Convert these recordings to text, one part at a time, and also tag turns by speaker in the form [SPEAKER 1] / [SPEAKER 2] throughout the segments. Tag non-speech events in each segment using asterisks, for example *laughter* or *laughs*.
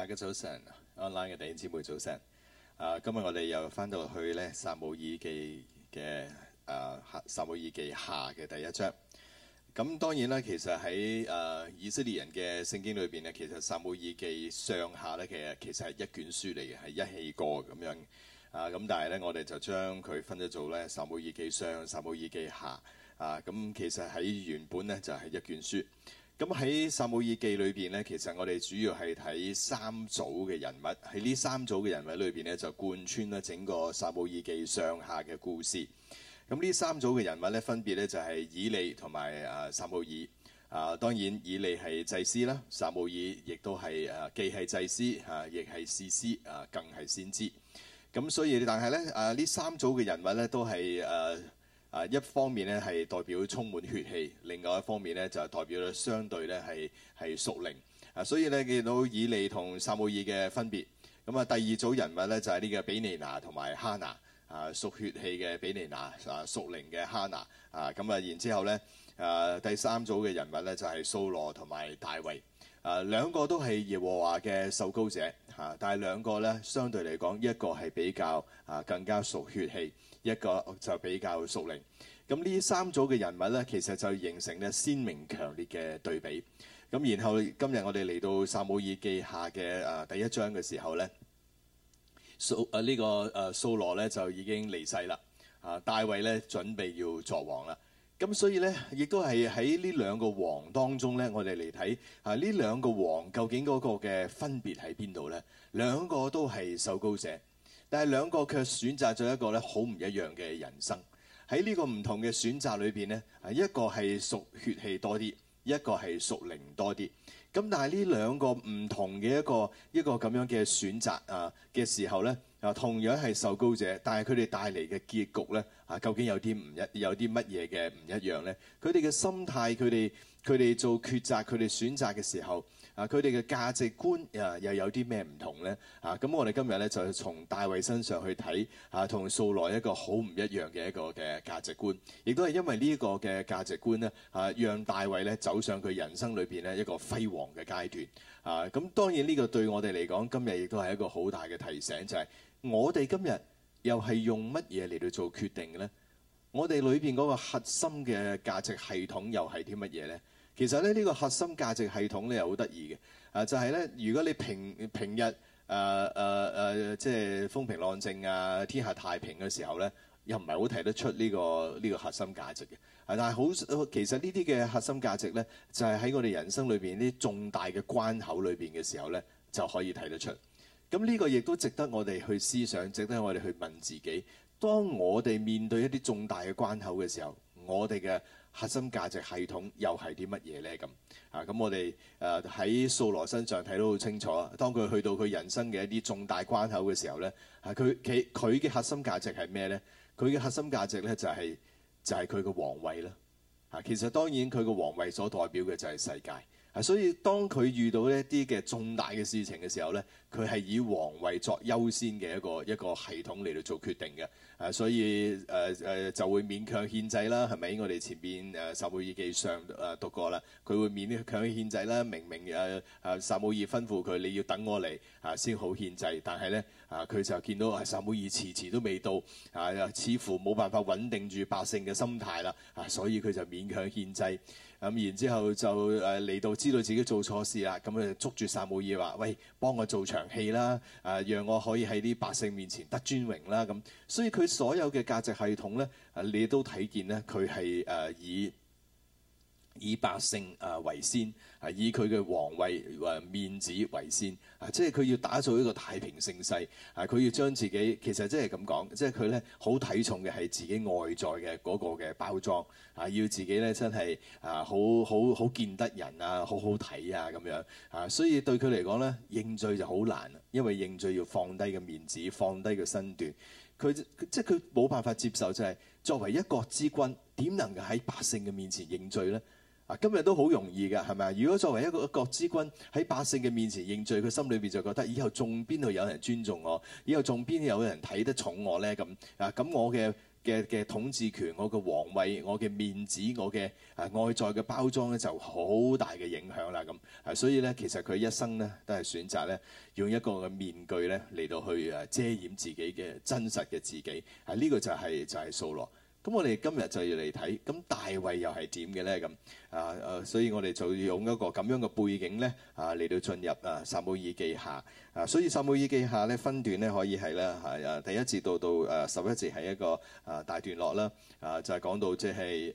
[SPEAKER 1] 大家早晨，online 嘅弟兄姊妹早晨。啊，今日我哋又翻到去咧《撒母耳記》嘅啊《撒母耳記下》嘅第一章。咁、啊、當然啦，其實喺誒、啊、以色列人嘅聖經裏邊咧，其實《撒母耳記》上下咧，其實其實係一卷書嚟嘅，係一氣過咁樣。啊，咁但係咧，我哋就將佢分咗做咧《撒母耳記上》《撒母耳記下》啊。啊，咁其實喺原本咧就係、是、一卷書。咁喺撒母耳記裏邊呢，其實我哋主要係睇三組嘅人物，喺呢三組嘅人物裏邊呢，就貫穿啦整個撒母耳記上下嘅故事。咁呢三組嘅人物呢，分別呢就係以利同埋啊撒母耳。啊當然，以利係祭司啦，撒母耳亦都係啊既係祭司嚇、啊，亦係士師啊，更係先知。咁所以但係呢，啊呢三組嘅人物呢，都係誒。啊啊，一方面咧係代表充滿血氣，另外一方面咧就係代表咧相對咧係係屬靈。啊，所以咧見到以利同撒母耳嘅分別。咁啊，第二組人物咧就係呢個比尼拿同埋哈拿啊，屬血氣嘅比尼拿，啊，屬靈嘅哈拿。啊，咁啊，然之後咧，啊，第三組嘅人物咧就係蘇羅同埋大衛。啊，兩個都係耶和華嘅受膏者。嚇，但係兩個咧相對嚟講，一個係比較啊更加屬血氣。一個就比較屬靈，咁呢三組嘅人物咧，其實就形成嘅鮮明強烈嘅對比。咁然後今日我哋嚟到《撒母耳記下》嘅誒第一章嘅時候咧，掃誒呢個誒掃羅咧就已經離世啦。啊，大衛咧準備要作王啦。咁所以咧，亦都係喺呢兩個王當中咧，我哋嚟睇啊呢兩個王究竟嗰個嘅分別喺邊度咧？兩個都係受膏者。但係兩個卻選擇咗一個咧好唔一樣嘅人生，喺呢個唔同嘅選擇裏邊咧，啊一個係屬血氣多啲，一個係屬靈多啲。咁但係呢兩個唔同嘅一個一個，一個咁樣嘅選擇啊嘅時候咧，啊同樣係受膏者，但係佢哋帶嚟嘅結局咧，啊究竟有啲唔一，有啲乜嘢嘅唔一樣呢？佢哋嘅心態，佢哋佢哋做抉擇，佢哋選擇嘅時候。啊！佢哋嘅價值觀啊，又有啲咩唔同呢？啊！咁我哋今日咧就係從大衛身上去睇啊，同素來一個好唔一樣嘅一個嘅價值觀，亦都係因為呢一個嘅價值觀呢，啊，讓大衛咧走上佢人生裏邊咧一個輝煌嘅階段。啊！咁當然呢個對我哋嚟講，今日亦都係一個好大嘅提醒，就係我哋今日又係用乜嘢嚟到做決定呢？我哋裏邊嗰個核心嘅價值系統又係啲乜嘢呢？其實咧，呢個核心價值系統咧又好得意嘅，啊就係咧，如果你平平日誒誒誒，即係風平浪靜啊，天下太平嘅時候咧，又唔係好睇得出呢個呢個核心價值嘅。啊，但係好其實呢啲嘅核心價值咧，就係喺我哋人生裏邊啲重大嘅關口裏邊嘅時候咧，就可以睇得出。咁呢個亦都值得我哋去思想，值得我哋去問自己：當我哋面對一啲重大嘅關口嘅時候，我哋嘅核心價值系統又係啲乜嘢呢？咁啊，咁我哋誒喺掃羅身上睇到好清楚。當佢去到佢人生嘅一啲重大關口嘅時候呢，啊，佢其佢嘅核心價值係咩呢？佢嘅核心價值呢，就係，就係就係佢嘅皇位啦。啊，其實當然佢嘅皇位所代表嘅就係世界。係、啊，所以當佢遇到一啲嘅重大嘅事情嘅時候咧，佢係以皇位作優先嘅一個一個系統嚟到做決定嘅。啊，所以誒誒、啊啊、就會勉強獻祭啦，係咪？我哋前邊誒《撒母耳記》上、啊、誒讀過啦，佢會勉強獻祭啦。明明誒誒撒母耳吩咐佢，你要等我嚟啊先好獻祭」，但呢，但係咧啊，佢就見到啊撒母耳遲遲都未到啊，似乎冇辦法穩定住百姓嘅心態啦。啊，所以佢就勉強獻祭。咁然之後就誒嚟到知道自己做錯事啦，咁佢就捉住撒母耳話：喂，幫我做場戲啦，誒，讓我可以喺啲百姓面前得尊榮啦。咁，所以佢所有嘅價值系統咧，你都睇見咧，佢係誒以以百姓誒為先。係以佢嘅皇位或面子為先，啊，即係佢要打造一個太平盛世，啊，佢要將自己其實即係咁講，即係佢咧好睇重嘅係自己外在嘅嗰個嘅包裝，啊，要自己咧真係啊好好好見得人啊，好好睇啊咁樣，啊，所以對佢嚟講咧認罪就好難，因為認罪要放低個面子，放低個身段，佢即係佢冇辦法接受就係、是、作為一國之君點能夠喺百姓嘅面前認罪咧？今日都好容易㗎，係咪啊？如果作為一個國之君喺百姓嘅面前認罪，佢心裏邊就覺得以後仲邊度有人尊重我？以後仲邊有人睇得重我呢？咁啊，咁我嘅嘅嘅統治權、我嘅皇位、我嘅面子、我嘅啊外在嘅包裝咧，就好大嘅影響啦。咁啊，所以呢，其實佢一生呢，都係選擇呢，用一個嘅面具呢，嚟到去啊遮掩自己嘅真實嘅自己。係、啊、呢、這個就係、是、就係掃羅。咁我哋今日就要嚟睇，咁大衛又係點嘅咧？咁啊，誒，所以我哋就要用一個咁樣嘅背景咧，啊，嚟到進入啊《撒母耳記下》啊。所以《撒母耳記下》咧分段咧可以係咧嚇啊，第一節到到誒十一節係一個啊大段落啦，啊就係講到即係誒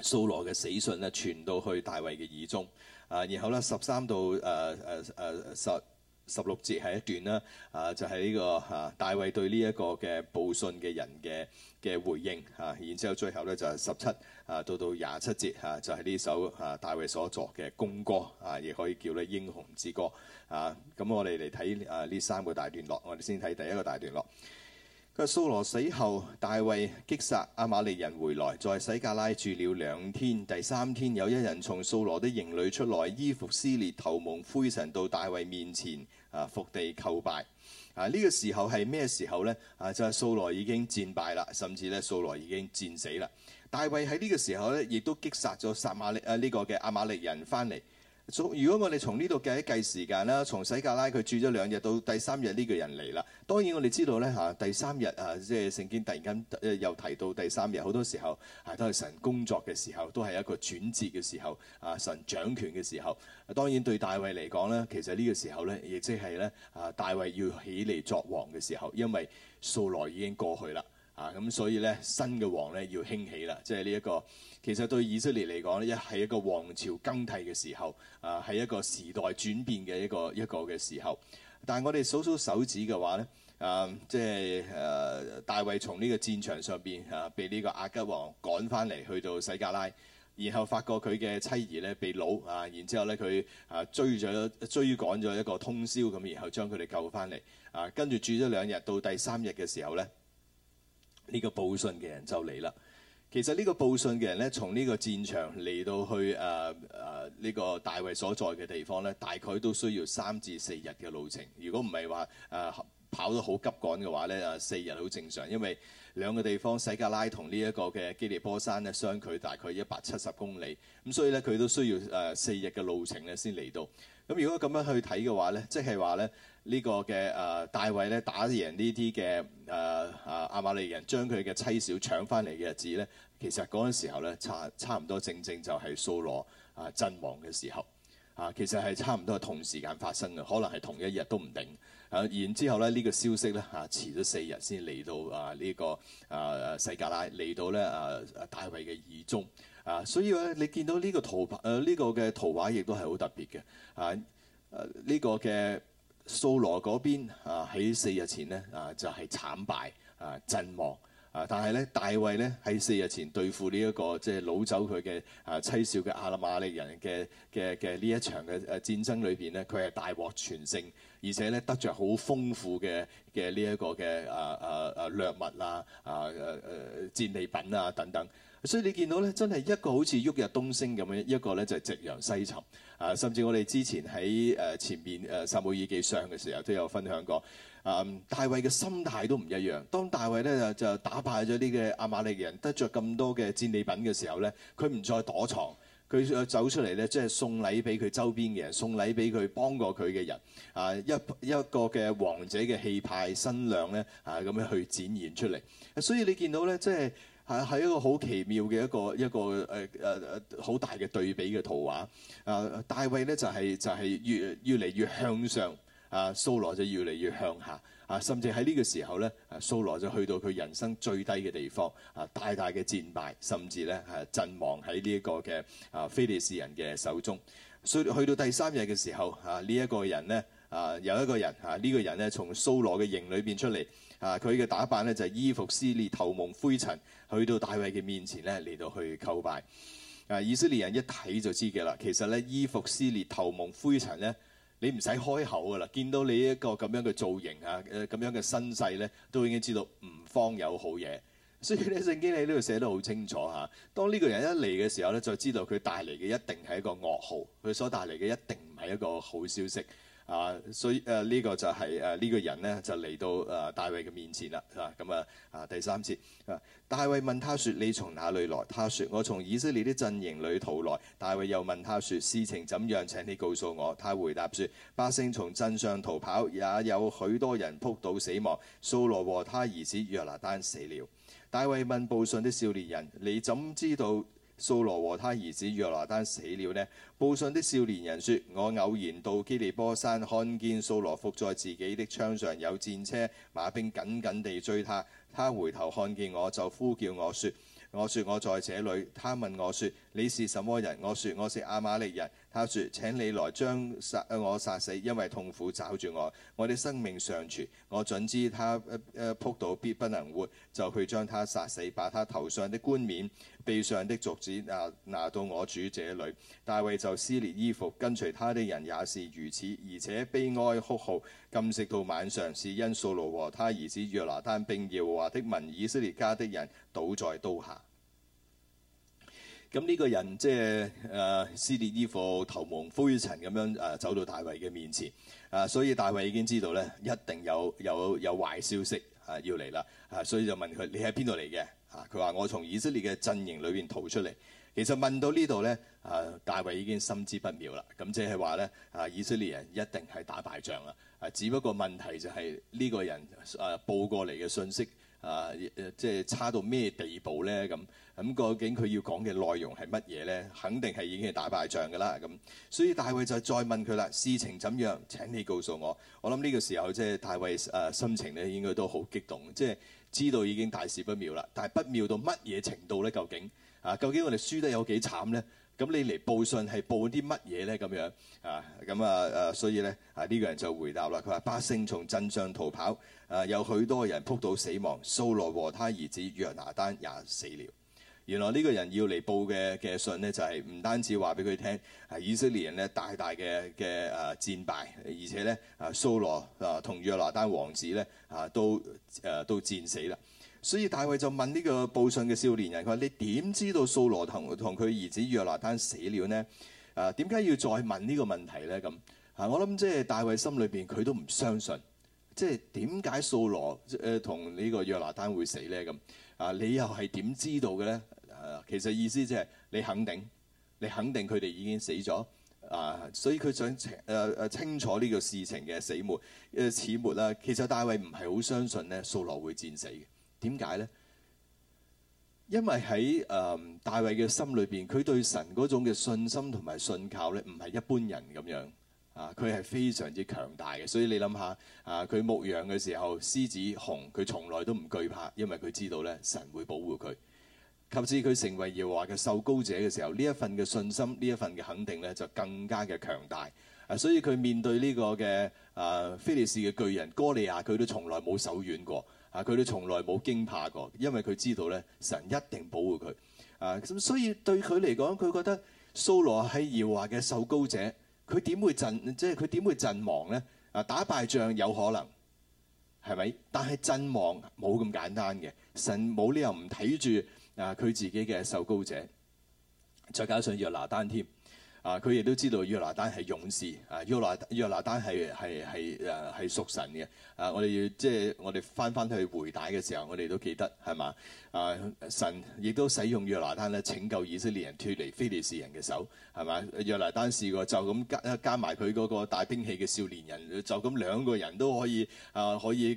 [SPEAKER 1] 掃羅嘅死訊咧傳到去大衛嘅耳中啊。然後咧十三到誒誒誒十十六節係一段啦，啊就係呢個嚇大衛對呢一個嘅報信嘅人嘅嘅回應啊，然之後最後呢就係十七啊到到廿七節嚇，就係、是、呢首啊大衛、啊、所作嘅弓歌啊，亦可以叫呢英雄之歌啊。咁、嗯、我哋嚟睇啊呢三個大段落，我哋先睇第一個大段落。佢掃羅死後，大衛擊殺亞瑪力人回來，在洗革拉住了兩天。第三天有一人從掃羅的營裏出來，衣服撕裂，頭蒙灰塵，到大衛面前啊，伏地叩拜。啊！呢、這個時候係咩時候咧？啊，就係掃羅已經戰敗啦，甚至咧掃羅已經戰死啦。大衛喺呢個時候咧，亦都擊殺咗撒瑪利啊呢個嘅亞瑪力人翻嚟。如果我哋從呢度計一計時間啦，從洗格拉佢住咗兩日到第三日呢，這個人嚟啦，當然我哋知道咧嚇、啊、第三日啊，即係聖經突然間、呃、又提到第三日，好多時候係、啊、都係神工作嘅時候，都係一個轉折嘅時候啊，神掌權嘅時候、啊。當然對大衛嚟講咧，其實呢個時候咧，亦即係咧啊，大衛要起嚟作王嘅時候，因為數來已經過去啦。啊，咁所以咧，新嘅王咧要興起啦，即係呢一個其實對以色列嚟講咧，一係一個王朝更替嘅時候啊，係一個時代轉變嘅一個一個嘅時候。但係我哋數數手指嘅話咧，啊，即係誒、啊、大衛從呢個戰場上邊啊，被呢個阿吉王趕翻嚟去到洗格拉，然後發覺佢嘅妻兒咧被擄啊，然之後咧佢啊追咗追趕咗一個通宵咁，然後將佢哋救翻嚟啊，跟住住咗兩日，到第三日嘅時候咧。呢個報信嘅人就嚟啦。其實呢個報信嘅人呢，從呢個戰場嚟到去誒誒呢個大衛所在嘅地方呢，大概都需要三至四日嘅路程。如果唔係話誒跑得好急趕嘅話呢，誒四日好正常，因為兩個地方洗革拉同呢一個嘅基利波山呢，相距大概一百七十公里，咁所以呢，佢都需要誒、呃、四日嘅路程呢先嚟到。咁如果咁樣去睇嘅話呢，即係話呢。呢個嘅誒，大衛咧打贏呢啲嘅誒誒亞瑪力人，將佢嘅妻小搶翻嚟嘅日子咧，其實嗰陣時候咧，差差唔多正正就係掃羅啊陣亡嘅時候啊，其實係差唔多係同時間發生嘅，可能係同一日都唔定啊。然之後咧，呢、這個消息咧嚇、啊、遲咗四日先嚟到啊呢、這個啊啊洗革拉嚟到咧啊，啊大衛嘅耳中啊，所以咧你見到呢個圖誒呢、啊這個嘅圖畫亦都係好特別嘅啊誒呢、啊這個嘅。掃羅嗰邊啊，喺四日前呢，啊，就係、是、慘敗啊，陣亡啊！但係咧，大衛咧喺四日前對付呢、這、一個即係、就是、擄走佢嘅啊妻小嘅亞瑪力人嘅嘅嘅呢一場嘅誒戰爭裏邊咧，佢係大獲全勝，而且咧得着好豐富嘅嘅呢一個嘅啊啊啊掠物啊啊誒誒戰利品啊等等。所以你見到咧，真係一個好似旭日東升咁樣，一個咧就係夕陽西沉。啊，甚至我哋之前喺誒前面誒撒母耳記上嘅時候都有分享過。啊，大衛嘅心態都唔一樣。當大衛咧就打敗咗呢個亞瑪力嘅人，得著咁多嘅戰利品嘅時候咧，佢唔再躲藏，佢走出嚟咧，即係送禮俾佢周邊嘅人，送禮俾佢幫過佢嘅人。啊，一一個嘅王者嘅氣派身量咧，啊咁樣去展現出嚟。所以你見到咧，即係。係喺一個好奇妙嘅一個一個誒誒誒好大嘅對比嘅圖畫。啊，大衛咧、啊、就係、是、就係、是、越越嚟越向上，啊，掃羅就越嚟越向下。啊，甚至喺呢個時候咧，啊，掃羅就去到佢人生最低嘅地方。啊，大大嘅戰敗，甚至咧係、啊、陣亡喺呢一個嘅啊非利士人嘅手中。所以去到第三日嘅時候，啊，呢、這、一個人呢，啊，有一個人啊，呢、這個人呢，從掃羅嘅營裏邊出嚟。啊，佢嘅打扮呢，就係、是、衣服撕裂，頭蒙灰塵。去到大衛嘅面前咧，嚟到去叩拜。啊，以色列人一睇就知嘅啦，其實咧衣服撕裂、頭蒙灰塵咧，你唔使開口噶啦，見到你一個咁樣嘅造型啊，誒、呃、咁樣嘅身世咧，都已經知道唔方有好嘢。所以呢，聖經喺呢度寫得好清楚嚇、啊。當呢個人一嚟嘅時候咧，就知道佢帶嚟嘅一定係一個噩耗，佢所帶嚟嘅一定唔係一個好消息。啊，所以誒呢、啊這個就係誒呢個人呢，就嚟到誒大衛嘅面前啦，嚇咁啊啊第三次，啊大衛問他説：你從哪裏來？他説：我從以色列啲陣營裏逃來。大衛又問他説：事情怎樣？請你告訴我。他回答説：百姓從陣上逃跑，也有許多人撲倒死亡。掃羅和他兒子約拿單死了。大衛問報信的少年人：你怎知道？掃羅和他兒子約拿單死了呢？報信的少年人說：我偶然到基利波山，看見掃羅伏在自己的槍上，有戰車馬兵緊緊地追他。他回頭看見我，就呼叫我說：我說我在這裏。他問我說。你是什麼人？我說我是亞瑪力人。他說：請你來將殺我殺死，因為痛苦抓住我。我的生命尚存，我準知他誒撲倒必不能活，就去將他殺死，把他頭上的冠冕、臂上的鐲子拿，拿到我主這裏。大衛就撕裂衣服，跟隨他的人也是如此，而且悲哀哭號，禁食到晚上。是因掃羅和他兒子約拿單並耶和華的民以色列家的人倒在刀下。咁呢個人即係誒撕裂衣服、頭、呃、蒙灰塵咁樣誒走到大衛嘅面前，啊、呃，所以大衛已經知道咧，一定有有有壞消息啊要嚟啦，啊，所以就問佢你喺邊度嚟嘅？啊，佢話我從以色列嘅陣營裏邊逃出嚟。其實問到呢度咧，啊、呃，大衛已經心知不妙啦。咁即係話咧，啊，以色列人一定係打敗仗啦。啊，只不過問題就係、是、呢、這個人誒、啊、報過嚟嘅信息啊，即係差到咩地步咧？咁、啊。咁究竟佢要講嘅內容係乜嘢呢？肯定係已經係打敗仗㗎啦。咁所以大衛就再問佢啦：事情怎樣？請你告訴我。我諗呢個時候即係大衛誒、呃、心情咧，應該都好激動，即係知道已經大事不妙啦。但係不妙到乜嘢程度咧？究竟啊？究竟我哋輸得有幾慘咧？咁你嚟報信係報啲乜嘢咧？咁樣啊？咁啊誒、啊，所以咧啊呢、這個人就回答啦。佢話百姓從陣上逃跑，誒、啊、有許多人仆倒死亡。掃羅和他兒子約拿單也死了。原來呢個人要嚟報嘅嘅信呢，就係、是、唔單止話俾佢聽係以色列人呢大大嘅嘅誒戰敗，而且呢啊掃羅啊同約拿單王子呢啊都誒、啊、都戰死啦。所以大衛就問呢個報信嘅少年人：佢話「你點知道掃羅同同佢兒子約拿單死了呢？啊，點解要再問呢個問題呢？」咁啊，我諗即係大衛心裏面佢都唔相信，即係點解掃羅誒同呢個約拿單會死呢？咁啊，你又係點知道嘅呢？其實意思即係你肯定，你肯定佢哋已經死咗啊！所以佢想誒誒、呃、清楚呢個事情嘅死沒誒始末啦、呃。其實大衛唔係好相信呢，掃羅會戰死嘅。點解呢？因為喺誒大衛嘅心裏邊，佢對神嗰種嘅信心同埋信靠呢，唔係一般人咁樣啊！佢係非常之強大嘅。所以你諗下啊，佢牧羊嘅時候，獅子熊，佢從來都唔懼怕，因為佢知道呢，神會保護佢。及至佢成為耶和華嘅受膏者嘅時候，呢一份嘅信心，呢一份嘅肯定咧，就更加嘅強大啊。所以佢面對呢個嘅啊非利士嘅巨人哥利亞，佢都從來冇手軟過啊。佢都從來冇驚怕過，因為佢知道咧神一定保護佢啊。咁所以對佢嚟講，佢覺得掃羅係耶和華嘅受膏者，佢點會陣即係佢點會陣亡咧？啊，打敗仗有可能係咪？但係陣亡冇咁簡單嘅，神冇理由唔睇住。啊！佢自己嘅受膏者，再加上約拿單添。啊！佢亦都知道約拿單係勇士，啊約拿單約拿單係係係誒係屬神嘅。啊！我哋要即係我哋翻翻去回帶嘅時候，我哋都記得係嘛？啊！神亦都使用約拿單咧拯救以色列人脫離非利士人嘅手，係嘛？約拿單試過就咁加加埋佢嗰個帶兵器嘅少年人，就咁兩個人都可以啊可以誒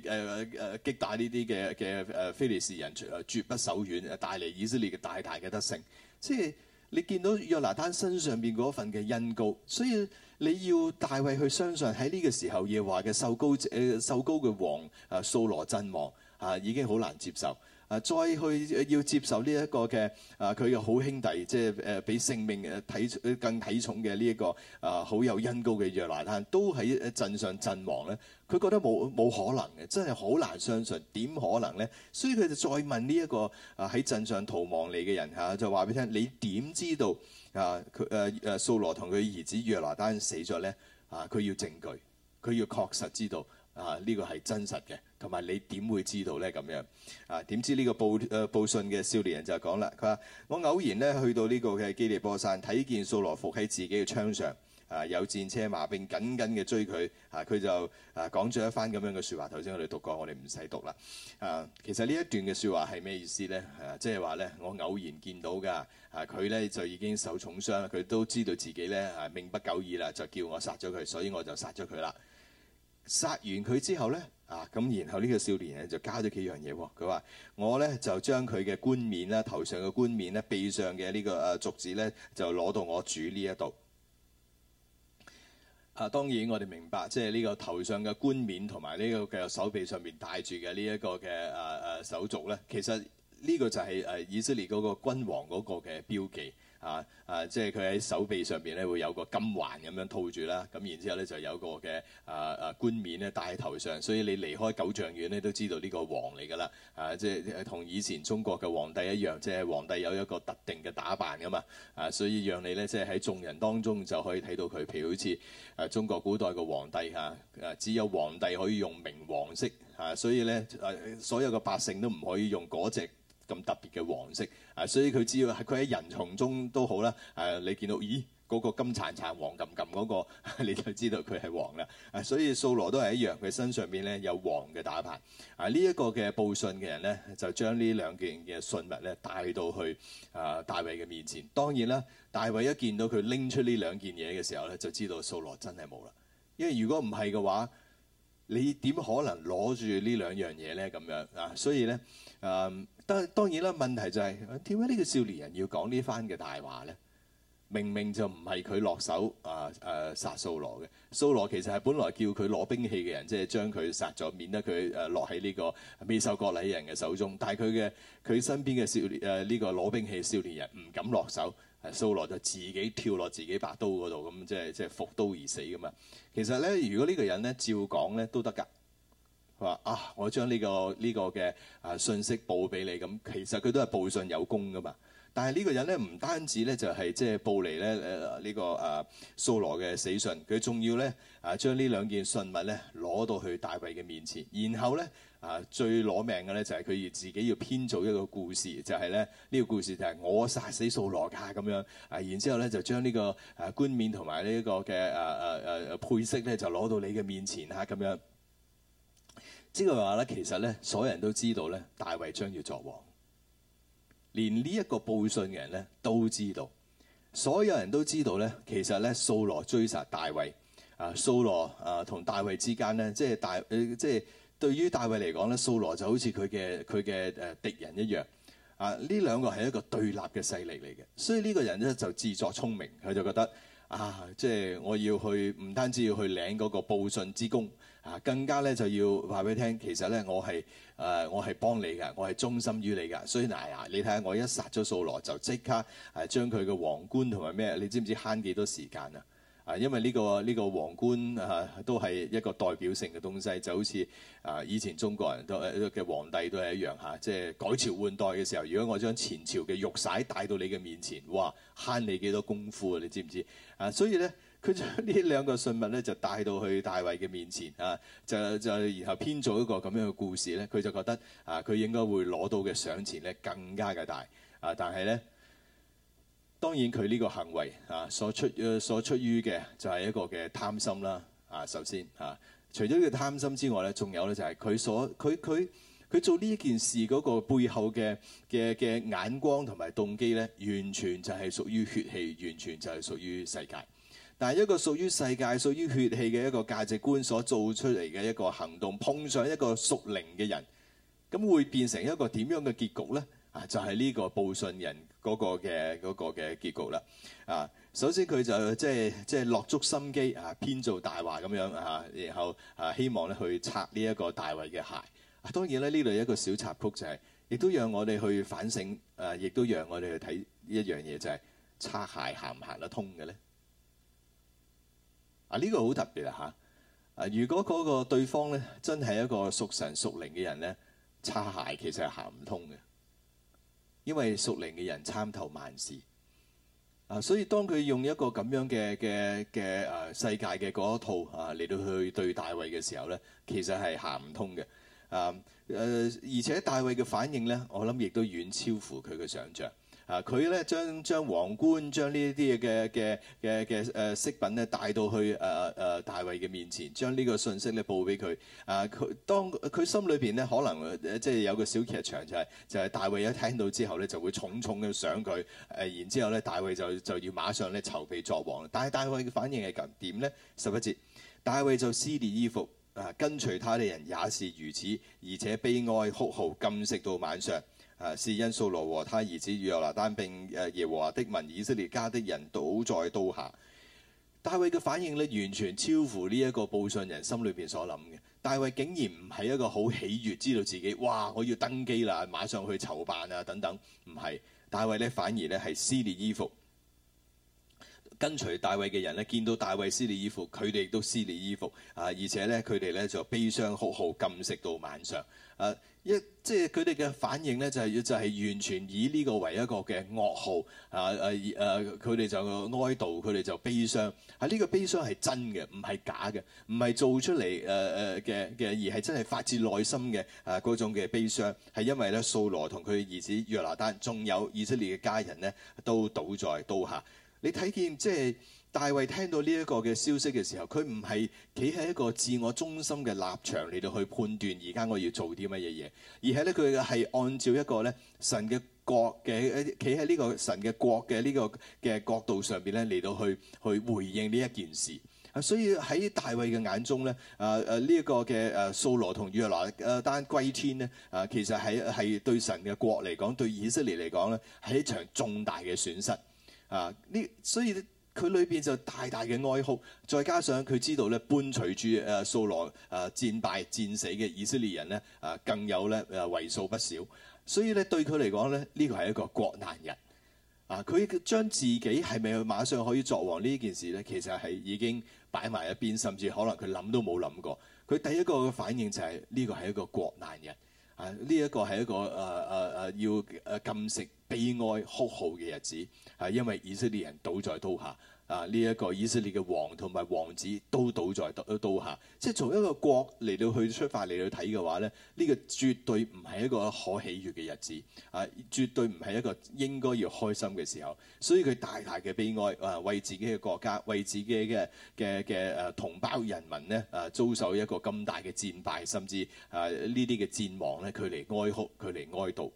[SPEAKER 1] 誒擊打呢啲嘅嘅誒非利士人，絕不手軟，帶嚟以色列嘅大大嘅得勝，即係。你見到約拿單身上邊嗰份嘅恩膏，所以你要大衛去相信喺呢個時候耶和華嘅受膏者、受、呃、膏嘅王啊，掃羅陣亡啊，已經好難接受。啊，再去要接受呢一個嘅啊，佢嘅好兄弟，即係誒比性命體更體重嘅呢一個啊，好有恩高嘅約拿單，都喺陣上陣亡咧。佢覺得冇冇可能嘅，真係好難相信，點可能咧？所以佢就再問呢、這、一個啊喺陣上逃亡嚟嘅人嚇、啊，就話俾你聽，你點知道啊佢誒誒掃羅同佢兒子約拿單死咗咧？啊，佢要證據，佢要確實知道。啊！呢、這個係真實嘅，同埋你點會知道呢？咁樣？啊，點知呢個報誒、呃、報信嘅少年人就講啦，佢話：我偶然呢去到呢個嘅基利波山，睇見掃羅伏喺自己嘅槍上，啊有戰車馬兵緊緊嘅追佢，啊佢就啊講咗一番咁樣嘅説話。頭先我哋讀過，我哋唔使讀啦。啊，其實呢一段嘅説話係咩意思呢？係啊，即係話呢：「我偶然見到㗎，啊佢呢就已經受重傷，佢、啊、都知道自己呢、啊、命不久矣啦，就叫我殺咗佢，所以我就殺咗佢啦。」殺完佢之後咧，啊咁，然後呢個少年咧就加咗幾樣嘢喎、哦。佢話：我咧就將佢嘅冠冕啦、頭上嘅冠冕咧、臂上嘅呢個誒鐲子咧，就攞到我主呢一度。啊，當然我哋明白，即係呢個頭上嘅冠冕同埋呢個嘅手臂上面戴住嘅呢一個嘅誒誒手鐲咧，其實呢個就係誒以色列嗰個君王嗰個嘅標記。啊！誒，即係佢喺手臂上邊咧，會有個金環咁樣套住啦。咁、啊、然之後咧，就有一個嘅誒誒冠冕咧戴喺頭上。所以你離開九丈遠咧，都知道呢個王嚟㗎啦。啊，即係同以前中國嘅皇帝一樣，即係皇帝有一個特定嘅打扮㗎嘛。啊，所以讓你咧，即係喺眾人當中就可以睇到佢。譬如好似誒中國古代嘅皇帝嚇，誒、啊、只有皇帝可以用明黃色嚇、啊，所以咧誒、啊、所有嘅百姓都唔可以用嗰隻咁特別嘅黃色啊，所以佢只要係佢喺人叢中都好啦。誒，你見到咦嗰個金燦燦、黃錦錦嗰個，你就知道佢係黃啦。啊，所以掃、啊那個那個 *laughs* 啊、羅都係一樣，佢身上邊咧有黃嘅打扮。啊，呢、這、一個嘅報信嘅人咧，就將呢兩件嘅信物咧帶到去啊大衛嘅面前。當然啦，大衛一見到佢拎出呢兩件嘢嘅時候咧，就知道掃羅真係冇啦。因為如果唔係嘅話，你點可能攞住呢兩樣嘢咧咁樣啊？所以咧，誒、啊。但係當然啦，問題就係點解呢個少年人要講呢番嘅大話咧？明明就唔係佢落手啊！誒、啊、殺蘇羅嘅蘇羅，其實係本來叫佢攞兵器嘅人，即、就、係、是、將佢殺咗，免得佢誒落喺呢個未受割禮人嘅手中。但係佢嘅佢身邊嘅少誒呢、啊呢個攞兵器少年人唔敢落手、啊，蘇羅就自己跳落自己把刀嗰度，咁即係即係伏刀而死噶嘛。其實咧，如果呢個人咧照講咧都得㗎。話啊！我將呢、這個呢、這個嘅啊信息報俾你咁，其實佢都係報信有功噶嘛。但係呢個人咧唔單止咧就係即係報嚟咧、這個啊、呢個啊掃羅嘅死訊，佢仲要咧啊將呢兩件信物咧攞到去大衛嘅面前，然後咧啊最攞命嘅咧就係佢要自己要編造一個故事，就係、是、咧呢、這個故事就係我殺死掃羅噶咁樣啊。然之後咧就將呢個啊冠冕同埋、啊啊、呢一個嘅啊啊啊配飾咧就攞到你嘅面前嚇咁樣。即係話咧，其實咧，所有人都知道咧，大衛將要作王，連呢一個報信嘅人咧都知道，所有人都知道咧，其實咧，掃羅追殺大衛，啊，掃羅啊，同大衛之間咧，即係大，即係對於大衛嚟講咧，掃羅就好似佢嘅佢嘅誒敵人一樣，啊，呢兩個係一個對立嘅勢力嚟嘅，所以呢個人咧就自作聰明，佢就覺得啊，即係我要去，唔單止要去領嗰個報信之功。啊，更加咧就要話俾你聽，其實咧我係誒我係幫你㗎，我係、呃、忠心於你㗎。所以嗱，你睇下我一殺咗掃羅，就即刻誒將佢嘅皇冠同埋咩？你知唔知慳幾多時間啊？啊，因為呢個呢個皇冠啊都係一個代表性嘅東西，就好似啊以前中國人都嘅皇帝都係一樣嚇、啊，即係改朝換代嘅時候，如果我將前朝嘅玉璽帶到你嘅面前，哇慳你幾多功夫啊？你知唔知啊？所以咧。佢將呢兩個信物咧就帶到去大衛嘅面前啊，就就然後編造一個咁樣嘅故事咧。佢就覺得啊，佢應該會攞到嘅賞錢咧更加嘅大啊。但係咧，當然佢呢個行為啊所出啊所出於嘅就係一個嘅貪心啦啊。首先啊，除咗呢個貪心之外咧，仲有咧就係、是、佢所佢佢佢做呢一件事嗰個背後嘅嘅嘅眼光同埋動機咧，完全就係屬於血氣，完全就係屬於世界。但係一個屬於世界、屬於血氣嘅一個價值觀所做出嚟嘅一個行動，碰上一個屬靈嘅人，咁會變成一個點樣嘅結局呢？啊，就係、是、呢個報信人嗰個嘅嗰個嘅結局啦。啊，首先佢就即係、就是就是、落足心機啊，編造大話咁樣啊，然後啊希望咧去拆呢一個大衛嘅鞋。啊，當然咧呢類一個小插曲就係、是，亦都讓我哋去反省啊，亦都讓我哋去睇一樣嘢就係、是、擦鞋行唔行得通嘅呢？啊！呢個好特別啊嚇！啊，如果嗰個對方咧真係一個屬神屬靈嘅人咧，擦鞋其實係行唔通嘅，因為屬靈嘅人參透萬事啊，所以當佢用一個咁樣嘅嘅嘅誒世界嘅嗰一套啊嚟到去對大衛嘅時候咧，其實係行唔通嘅啊誒、呃，而且大衛嘅反應咧，我諗亦都遠超乎佢嘅想象。啊！佢咧將將皇冠、將呢一啲嘅嘅嘅嘅誒飾品咧帶到去誒誒、呃呃、大衛嘅面前，將呢個信息咧報俾佢。啊！佢當佢心裏邊咧可能即係有個小劇場、就是，就係就係大衛一聽到之後咧就會重重嘅想佢。誒、啊、然之後咧，大衛就就要馬上咧籌備作王。但係大衛嘅反應係咁點咧？十一節，大衛就撕裂衣服，啊，跟隨他的人也是如此，而且悲哀哭號，禁食到晚上。係，是、啊、因掃羅和他兒子約拿單並耶和華的民以色列家的人倒在刀下。大衛嘅反應咧，完全超乎呢一個報信人心裏邊所諗嘅。大衛竟然唔係一個好喜悅知道自己，哇！我要登基啦，馬上去籌辦啊等等，唔係。大衛咧反而咧係撕裂衣服。跟隨大衛嘅人咧，見到大衛撕裂衣服，佢哋亦都撕裂衣服，啊！而且呢，佢哋呢就悲傷哭號，禁食到晚上。誒、啊、一即係佢哋嘅反應咧，就係、是、就係、是、完全以呢個為一個嘅噩耗啊！誒、啊、誒，佢哋就哀悼，佢哋就悲傷。喺、啊、呢、這個悲傷係真嘅，唔係假嘅，唔係做出嚟誒誒嘅嘅，而係真係發自內心嘅啊嗰種嘅悲傷，係因為咧，掃羅同佢兒子約拿單，仲有以色列嘅家人呢，都倒在刀下。你睇見即係。大衛聽到呢一個嘅消息嘅時候，佢唔係企喺一個自我中心嘅立場嚟到去判斷而家我要做啲乜嘢嘢，而係咧佢係按照一個咧神嘅國嘅企喺呢個神嘅國嘅呢個嘅角度上邊咧嚟到去去回應呢一件事啊。所以喺大衛嘅眼中咧啊啊呢一個嘅誒掃羅同約拿單歸天咧啊，其實係係對神嘅國嚟講，對以色列嚟講咧係一場重大嘅損失啊。呢所以。佢裏邊就大大嘅哀哭，再加上佢知道咧，伴隨住誒掃羅誒、啊、戰敗戰死嘅以色列人呢，誒、啊、更有咧誒、啊、為數不少，所以咧對佢嚟講咧，呢個係一個國難人。啊，佢將自己係咪馬上可以作王呢件事呢，其實係已經擺埋一邊，甚至可能佢諗都冇諗過。佢第一個嘅反應就係呢個係一個國難人。」啊！呢一個係一個誒誒誒，要誒禁食、悲哀、哭號嘅日子，係、啊、因為以色列人倒在刀下。啊！呢一個以色列嘅王同埋王子都倒在刀下，即係從一個國嚟到去出發嚟到睇嘅話咧，呢個絕對唔係一個可喜悅嘅日子，啊，絕對唔係一個應該要開心嘅時候，所以佢大大嘅悲哀啊，為自己嘅國家、為自己嘅嘅嘅嘅同胞人民咧啊，遭受一個咁大嘅戰敗，甚至啊呢啲嘅戰亡咧，佢嚟哀哭，佢嚟哀悼，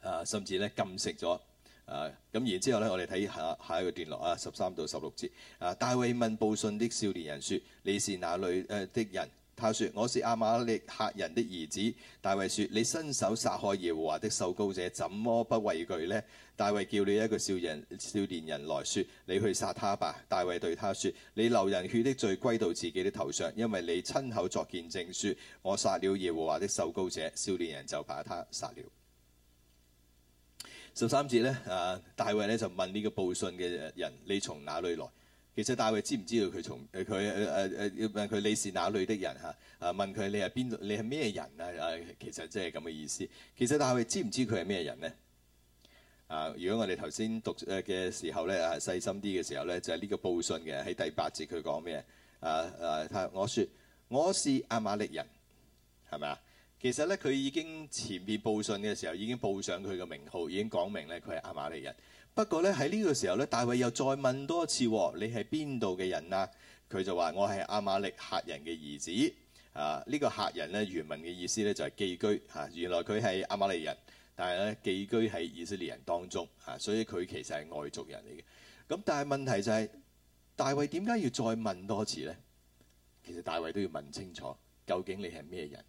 [SPEAKER 1] 啊，甚至咧禁食咗。啊，咁然之後呢，我哋睇下下，下一個段落啊，十三到十六節。啊，啊啊大衛問報信的少年人說：你是哪裏誒的人？他說：我是亞瑪力客人的兒子。大衛說：你伸手殺害耶和華的受膏者，怎麼不畏懼呢？」大衛叫了一個少人少年人來説：你去殺他吧。大衛對他説：你流人血的罪歸到自己的頭上，因為你親口作見證説：我殺了耶和華的受膏者。少年人就把他殺了。十三節咧，啊，大衛咧就問呢個報信嘅人：你從哪裏來？其實大衛知唔知道佢從？佢誒誒問佢、啊、你是哪裏的人？嚇啊問佢你係邊度？你係咩人啊？啊，其實即係咁嘅意思。其實大衛知唔知佢係咩人呢？啊，如果我哋頭先讀嘅時候咧，啊細心啲嘅時候咧，就係、是、呢個報信嘅喺第八節佢講咩？啊啊！我說我是亞瑪力人，係咪啊？其實咧，佢已經前面報信嘅時候已經報上佢嘅名號，已經講明咧佢係亞瑪力人。不過咧喺呢個時候咧，大衛又再問多一次：你係邊度嘅人啊？佢就話：我係亞瑪力客人嘅兒子。啊，呢、這個客人咧原文嘅意思咧就係寄居。嚇、啊，原來佢係亞瑪力人，但係咧寄居喺以色列人當中。嚇、啊，所以佢其實係外族人嚟嘅。咁但係問題就係、是、大衛點解要再問多次呢？其實大衛都要問清楚，究竟你係咩人？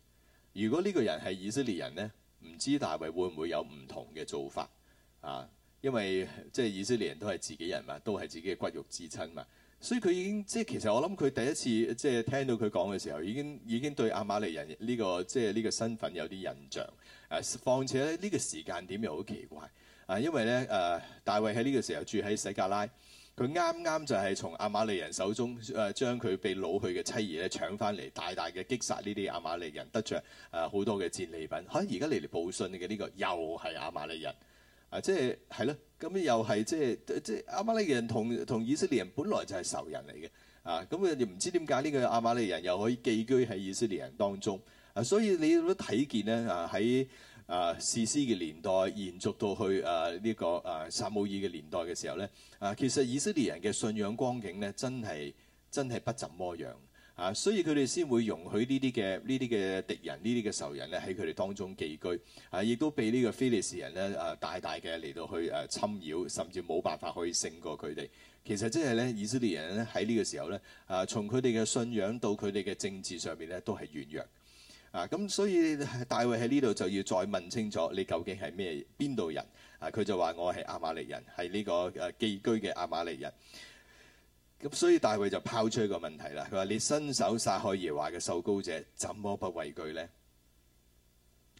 [SPEAKER 1] 如果呢個人係以色列人呢，唔知大衛會唔會有唔同嘅做法啊？因為即係以色列人都係自己人嘛，都係自己嘅骨肉之親嘛，所以佢已經即係其實我諗佢第一次即係聽到佢講嘅時候，已經已經對亞瑪力人呢、呢個即係呢個身份有啲印象。誒、啊，況且呢個時間點又好奇怪啊，因為咧誒、啊，大衛喺呢個時候住喺洗革拉。佢啱啱就係從阿瑪利人手中誒將佢被擄去嘅妻兒咧搶翻嚟，大大嘅擊殺呢啲阿瑪利人，得着誒好、呃、多嘅戰利品。嚇、啊！而家嚟嚟報信嘅呢、呢個又係阿瑪利人啊，即係係咯，咁又係即係即係阿瑪利人同同以色列人本來就係仇人嚟嘅啊，咁佢哋唔知點解呢個阿瑪利人又可以寄居喺以色列人當中啊，所以你都睇見呢啊喺。啊，士師嘅年代延續到去啊呢、這個啊撒母耳嘅年代嘅時候咧，啊其實以色列人嘅信仰光景呢真係真係不怎麼樣啊，所以佢哋先會容許呢啲嘅呢啲嘅敵人呢啲嘅仇人咧喺佢哋當中寄居啊，亦都被呢個腓力士人咧啊大大嘅嚟到去誒、啊、侵擾，甚至冇辦法可以勝過佢哋。其實即係咧，以色列人咧喺呢個時候呢，啊，從佢哋嘅信仰到佢哋嘅政治上面呢，都係軟弱。啊！咁所以大衛喺呢度就要再問清楚你究竟係咩邊度人啊？佢就話我係亞瑪利人，係呢、這個誒、啊、寄居嘅亞瑪利人。咁所以大衛就拋出一個問題啦，佢話你伸手殺害耶和華嘅受膏者，怎麼不畏懼呢？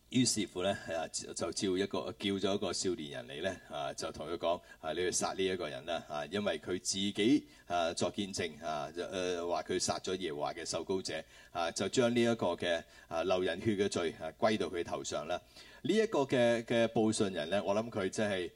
[SPEAKER 1] 於是乎咧，就召一個叫咗一個少年人嚟咧，啊，就同佢講，啊，你去殺呢一個人啦，啊，因為佢自己啊作見證啊，誒話佢殺咗耶和華嘅受膏者，啊，就將呢一個嘅啊流人血嘅罪啊歸到佢頭上啦。呢一個嘅嘅報信人咧，我諗佢真係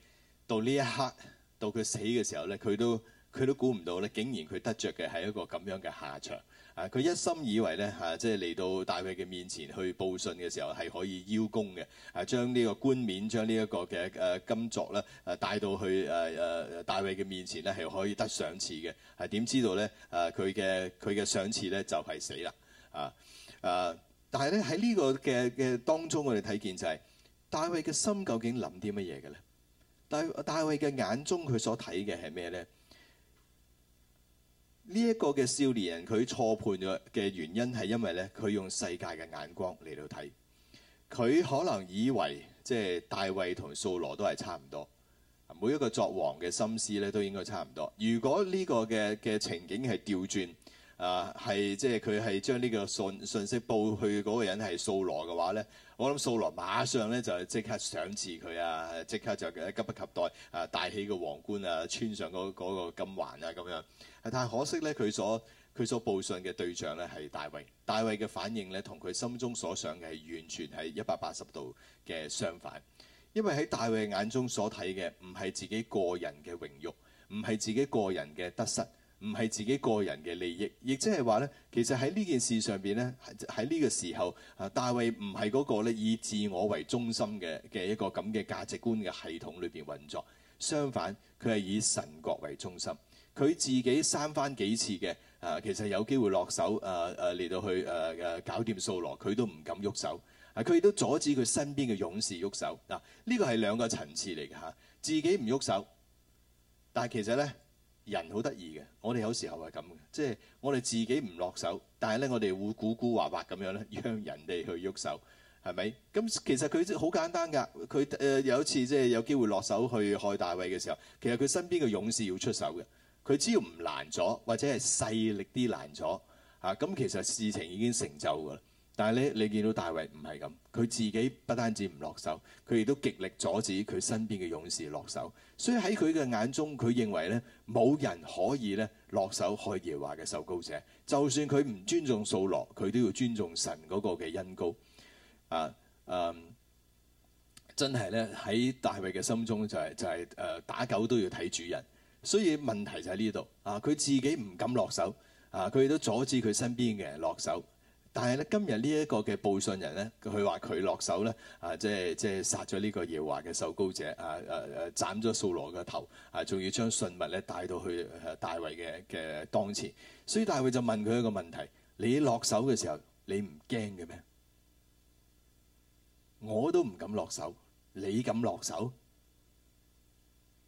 [SPEAKER 1] 到呢一刻，到佢死嘅時候咧，佢都佢都估唔到咧，竟然佢得着嘅係一個咁樣嘅下場。啊！佢一心以為咧嚇、啊，即係嚟到大衛嘅面前去報信嘅時候係可以邀功嘅，啊將呢個冠冕、將呢一個嘅誒金作咧，啊帶到去誒誒、啊啊、大衛嘅面前咧係可以得賞賜嘅。係、啊、點知道咧？誒佢嘅佢嘅賞賜咧就係死啦！啊、就是、啊、啊！但係咧喺呢個嘅嘅當中我，我哋睇見就係大衛嘅心究竟諗啲乜嘢嘅咧？大大衛嘅眼中佢所睇嘅係咩咧？呢一個嘅少年人，佢錯判咗嘅原因係因為咧，佢用世界嘅眼光嚟到睇，佢可能以為即係大衛同掃羅都係差唔多，每一個作王嘅心思咧都應該差唔多。如果呢個嘅嘅情景係調轉啊，係即係佢係將呢個信信息報去嗰個人係掃羅嘅話咧，我諗掃羅馬上咧就即刻賞賜佢啊，即刻就急不及待啊戴起個皇冠啊，穿上嗰、嗰個金環啊咁樣。係，但可惜咧，佢所佢所報信嘅對象咧係大衛。大衛嘅反應咧，同佢心中所想嘅係完全係一百八十度嘅相反。因為喺大衛眼中所睇嘅，唔係自己個人嘅榮辱，唔係自己個人嘅得失，唔係自己個人嘅利益。亦即係話咧，其實喺呢件事上邊咧，喺呢個時候啊，大衛唔係嗰個咧以自我為中心嘅嘅一個咁嘅價值觀嘅系統裏邊運作。相反，佢係以神國為中心。佢自己三番幾次嘅，誒、啊、其實有機會落手，誒誒嚟到去誒誒搞掂掃羅，佢都唔敢喐手。啊，佢、啊啊啊都，啊、都阻止佢身邊嘅勇士喐手。嗱、啊，呢、這個係兩個層次嚟嘅嚇。自己唔喐手，但係其實咧人好得意嘅。我哋有時候係咁嘅，即係我哋自己唔落手，但係咧我哋會古古惑惑咁樣咧，讓人哋去喐手，係咪？咁、嗯、其實佢好簡單㗎。佢誒、呃、有一次即係有機會落手去害大衛嘅時候，其實佢身邊嘅勇士要出手嘅。佢只要唔難咗，或者係勢力啲難咗嚇，咁、啊、其實事情已經成就噶啦。但係咧，你見到大衛唔係咁，佢自己不單止唔落手，佢亦都極力阻止佢身邊嘅勇士落手。所以喺佢嘅眼中，佢認為咧冇人可以咧落手害耶和華嘅受膏者。就算佢唔尊重掃羅，佢都要尊重神嗰個嘅恩膏啊！嗯、啊，真係咧喺大衛嘅心中就係、是、就係、是、誒打狗都要睇主人。所以問題就喺呢度啊！佢自己唔敢落手啊！佢亦都阻止佢身邊嘅人落手。但係咧，今日呢一個嘅報信人咧，佢話佢落手咧啊！即係即係殺咗呢個耶華嘅受膏者啊！誒誒斬咗掃羅嘅頭啊！仲要將信物咧帶到去大衛嘅嘅當前。所以大衛就問佢一個問題：你落手嘅時候，你唔驚嘅咩？我都唔敢落手，你敢落手？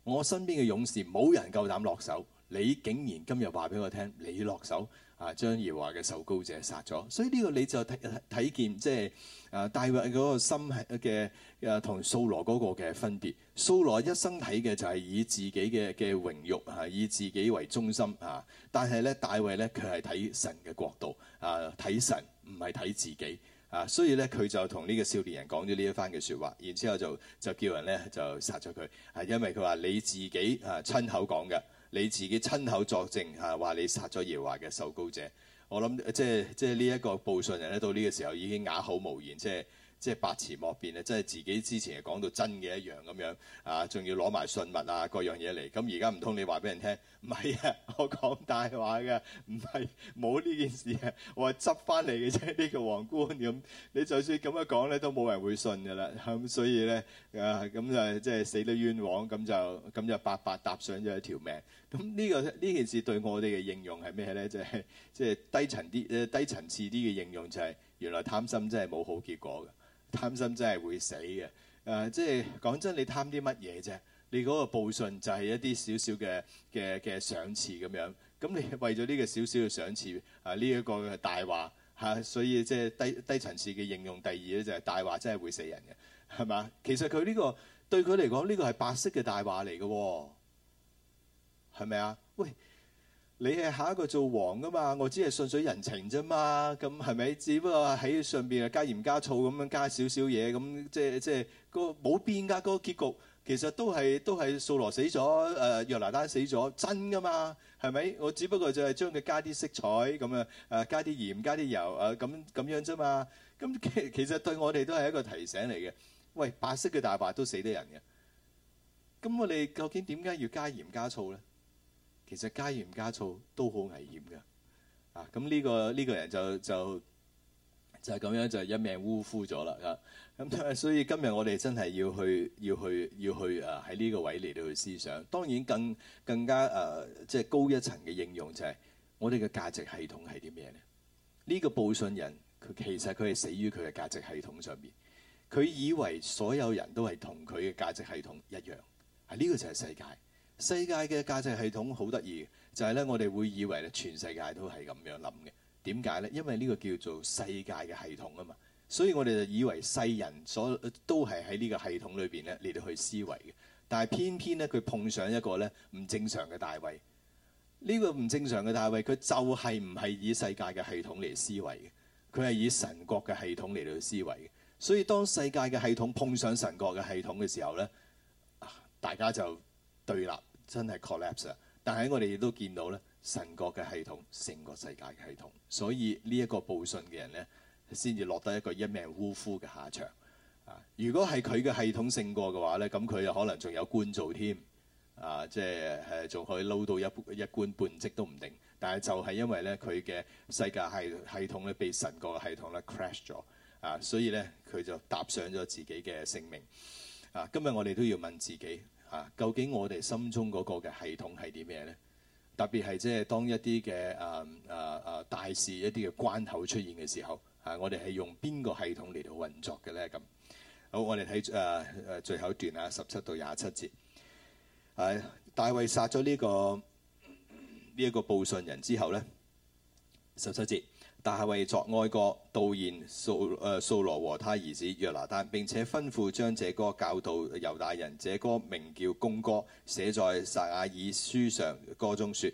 [SPEAKER 1] 我身邊嘅勇士冇人夠膽落手，你竟然今日話俾我聽，你落手啊，將耶和華嘅受膏者殺咗。所以呢個你就睇睇見即係、就是、啊，大衛嗰個心嘅誒同掃羅嗰個嘅分別。掃羅一生睇嘅就係以自己嘅嘅榮辱啊，以自己為中心啊，但係咧大衛咧佢係睇神嘅角度啊，睇神唔係睇自己。啊，所以咧佢就同呢個少年人講咗呢一番嘅説話，然之後就就叫人咧就殺咗佢，係、啊、因為佢話你自己啊親口講嘅，你自己親口作證啊話你殺咗耶華嘅受膏者，我諗即係即係呢一個報信人咧到呢個時候已經啞口無言，即、就、係、是。即係百詞莫辯咧，即係自己之前係講到真嘅一樣咁樣啊，仲要攞埋信物啊各樣嘢嚟。咁、啊、而家唔通你話俾人聽？唔係啊，我講大話嘅，唔係冇呢件事啊，我話執翻嚟嘅啫。呢、呢個皇冠咁，你就算咁樣講咧，都冇人會信噶啦。咁、啊、所以咧，啊咁就即係死得冤枉，咁就咁就白白搭上咗一條命。咁、啊、呢、呢個呢件事對我哋嘅應用係咩咧？就係即係低層啲、低層次啲嘅應用、就係，就係原來貪心真係冇好結果嘅。貪心真係會死嘅，誒、啊，即係講真，你貪啲乜嘢啫？你嗰個報信就係一啲少少嘅嘅嘅賞賜咁樣，咁你為咗呢個少少嘅賞賜，啊，呢、這、一個大話嚇、啊，所以即係低低層次嘅應用。第二咧就係、是、大話真係會死人嘅，係咪？其實佢呢、這個對佢嚟講，呢、這個係白色嘅大話嚟嘅、哦，係咪啊？喂！你係下一個做王噶嘛？我只係順水人情啫嘛，咁係咪？只不過喺上邊啊加鹽加醋咁樣加少少嘢，咁即係即係、嗰個冇變噶、嗰個結局，其實都係都係掃羅死咗，誒、呃、約拿單死咗，真噶嘛？係咪？我只不過就係將佢加啲色彩咁、啊、樣，誒加啲鹽加啲油啊咁咁樣啫嘛。咁其實對我哋都係一個提醒嚟嘅。喂，白色嘅大白都死得人嘅。咁我哋究竟點解要加鹽加醋咧？其實加鹽加醋都好危險噶，啊咁呢、這個呢、這個人就就就係咁樣就一命嗚呼咗啦，咁、啊、所以今日我哋真係要去要去要去啊喺呢個位嚟到去思想。當然更更加啊即係、就是、高一層嘅應用就係、是、我哋嘅價值系統係啲咩呢？呢、這個報信人佢其實佢係死於佢嘅價值系統上邊，佢以為所有人都係同佢嘅價值系統一樣，啊呢、這個就係世界。世界嘅價值系統好得意，就係咧我哋會以為咧全世界都係咁樣諗嘅。點解呢？因為呢個叫做世界嘅系統啊嘛，所以我哋就以為世人所都係喺呢個系統裏邊咧嚟到去思維嘅。但係偏偏呢，佢碰上一個咧唔正常嘅大衞，呢個唔正常嘅大衞佢就係唔係以世界嘅系統嚟思維嘅，佢係以神國嘅系統嚟到去思維嘅。所以當世界嘅系統碰上神國嘅系統嘅時候咧，大家就對立。真係 collapse 啊！但係我哋亦都見到咧，神國嘅系統勝過世界嘅系統，所以呢一個報信嘅人咧，先至落得一個一命嗚呼嘅下場啊！如果係佢嘅系統勝過嘅話咧，咁佢可能仲有官做添啊！即係誒，仲可以撈到一一官半職都唔定。但係就係因為咧，佢嘅世界係系統咧被神國嘅系統咧 crash 咗啊！所以咧，佢就搭上咗自己嘅性命啊！今日我哋都要問自己。啊！究竟我哋心中嗰個嘅系統係啲咩咧？特別係即係當一啲嘅，誒誒誒大事一啲嘅關口出現嘅時候，啊！我哋係用邊個系統嚟到運作嘅咧？咁好，我哋睇誒誒最後一段啊，十七到廿七節，誒，大衛殺咗呢個呢一個報信人之後咧，十七節。大衛作哀歌悼念掃誒掃羅和他兒子約拿單，並且吩咐將這歌教導猶大人。這歌名叫《弓歌》，寫在撒亞爾書上歌中説、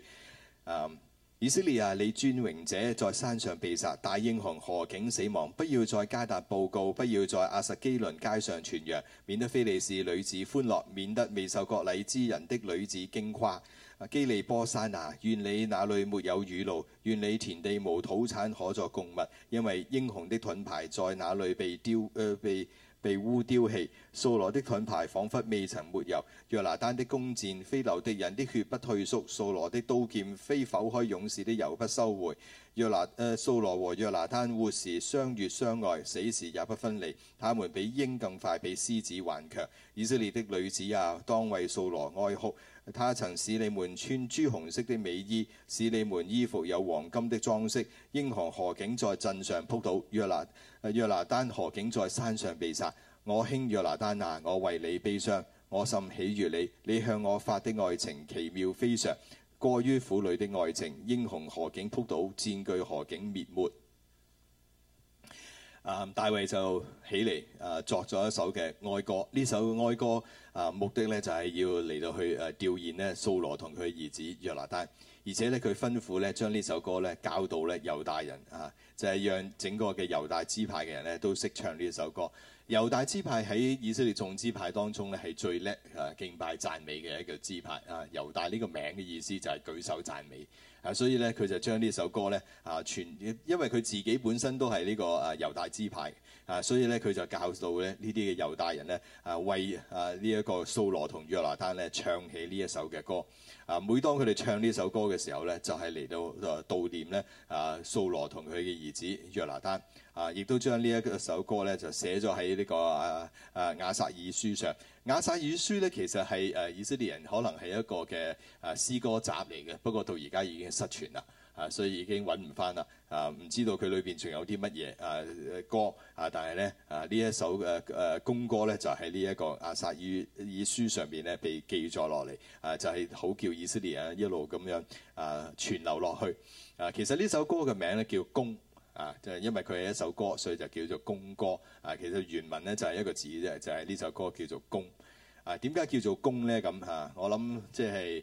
[SPEAKER 1] 嗯：以色列啊，你尊榮者在山上被殺，大英雄何竟死亡？不要在迦特報告，不要在亞實基倫街上傳揚，免得非利士女子歡樂，免得未受割禮之人的女子矜誇。基利波山啊！願你那裏沒有雨露，願你田地無土產可作供物，因為英雄的盾牌在那裏被丟、呃，被被污丟棄，掃羅的盾牌仿佛未曾抹油，約拿單的弓箭非流敵人的血不退縮，掃羅的刀劍非剖開勇士的油不收回。約拿呃，掃羅和約拿單活時相悦相愛，死時也不分離，他們比鷹更快，比獅子頑強，以色列的女子啊，當為掃羅哀哭。他曾使你們穿朱紅色的美衣，使你們衣服有黃金的裝飾。英雄何竟在陣上撲倒，約拿單，約拿單何竟在山上被殺。我兄約拿單啊，我為你悲傷，我甚喜悅你。你向我發的愛情奇妙非常，過於婦女的愛情。英雄何竟撲倒，戰具何竟滅沒。啊、uh，大衛就起嚟啊，uh, 作咗一首嘅愛歌，呢首愛歌。啊！目的咧就係、是、要嚟到去誒、啊、調研咧，蘇羅同佢兒子約拿單，而且咧佢吩咐咧將呢首歌咧教導咧猶大人嚇、啊，就係、是、讓整個嘅猶大支派嘅人咧都識唱呢一首歌。猶大支派喺以色列眾支派當中咧係最叻誒、啊、敬拜讚美嘅一個支派啊！猶大呢個名嘅意思就係舉手讚美。啊，所以咧，佢就將呢首歌咧啊傳，因為佢自己本身都係呢個啊猶大支派，啊，所以咧佢就教導咧呢啲嘅猶大人咧啊，為啊呢一個掃羅同約拿單咧唱起呢一首嘅歌。啊，每當佢哋唱呢首歌嘅時候咧，就係嚟到啊悼念咧啊掃羅同佢嘅兒子約拿單。啊！亦都將呢一首歌咧，就寫咗喺呢個啊啊雅煞珥書上。雅煞珥書咧，其實係誒、啊、以色列人可能係一個嘅啊詩歌集嚟嘅，不過到而家已經失傳啦，啊，所以已經揾唔翻啦，啊，唔知道佢裏邊仲有啲乜嘢啊歌啊，但係咧啊呢一首誒誒、啊、弓歌咧，就喺呢一個雅煞珥以書上邊咧被記載落嚟，啊，就係、是、好叫以色列人一路咁樣啊傳流落去。啊，其實呢首歌嘅名咧叫弓。啊，就因為佢係一首歌，所以就叫做《弓歌》。啊，其實原文咧就係一個字啫，就係呢首歌叫做《弓》。啊，點解叫做《弓》咧？咁啊，我諗即係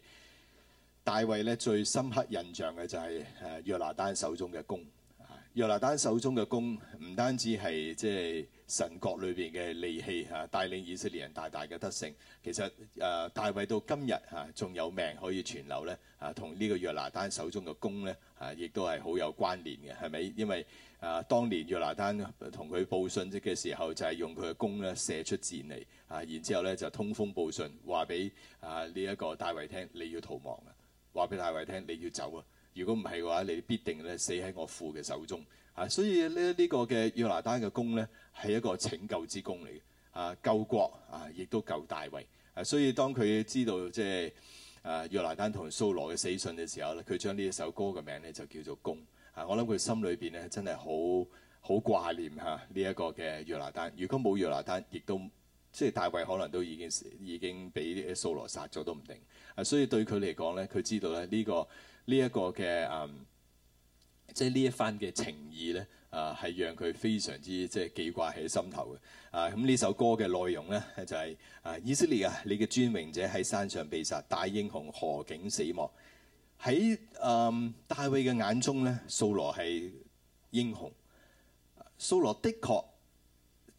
[SPEAKER 1] 大衛咧最深刻印象嘅就係誒約拿丹手中嘅弓。啊，約拿丹手中嘅弓唔單止係即係。神國裏邊嘅利器嚇，帶領以色列人大大嘅得勝。其實誒、呃，大衛到今日嚇仲、啊、有命可以存留咧嚇，同、啊、呢個約拿單手中嘅弓咧嚇，亦、啊、都係好有關聯嘅，係咪？因為誒、啊，當年約拿單同佢報信嘅時候，就係、是、用佢嘅弓咧射出箭嚟嚇，然之後咧就通風報信，話俾啊呢一個大衛聽你要逃亡啊，話俾大衛聽你要走啊。如果唔係嘅話，你必定咧死喺我父嘅手中嚇、啊。所以咧呢個嘅約拿單嘅弓咧。係一個拯救之功嚟嘅，啊救國啊，亦都救大衛。啊、所以當佢知道即係、就是、啊約拿單同掃羅嘅死訊嘅時候咧，佢將呢一首歌嘅名咧就叫做《工、啊》。我諗佢心裏邊咧真係好好掛念吓呢一個嘅約拿單。如果冇約拿單，亦都即係、就是、大衛可能都已經已經俾掃羅殺咗都唔定、啊。所以對佢嚟講咧，佢知道咧呢、這個呢一、這個嘅嗯，即係呢一番嘅情意咧。啊，係讓佢非常之即係記掛喺心頭嘅。啊，咁呢首歌嘅內容咧就係、是、啊，以色列啊，你嘅尊榮者喺山上被殺，大英雄何竟死亡。喺嗯大衛嘅眼中咧，掃羅係英雄。掃羅的確，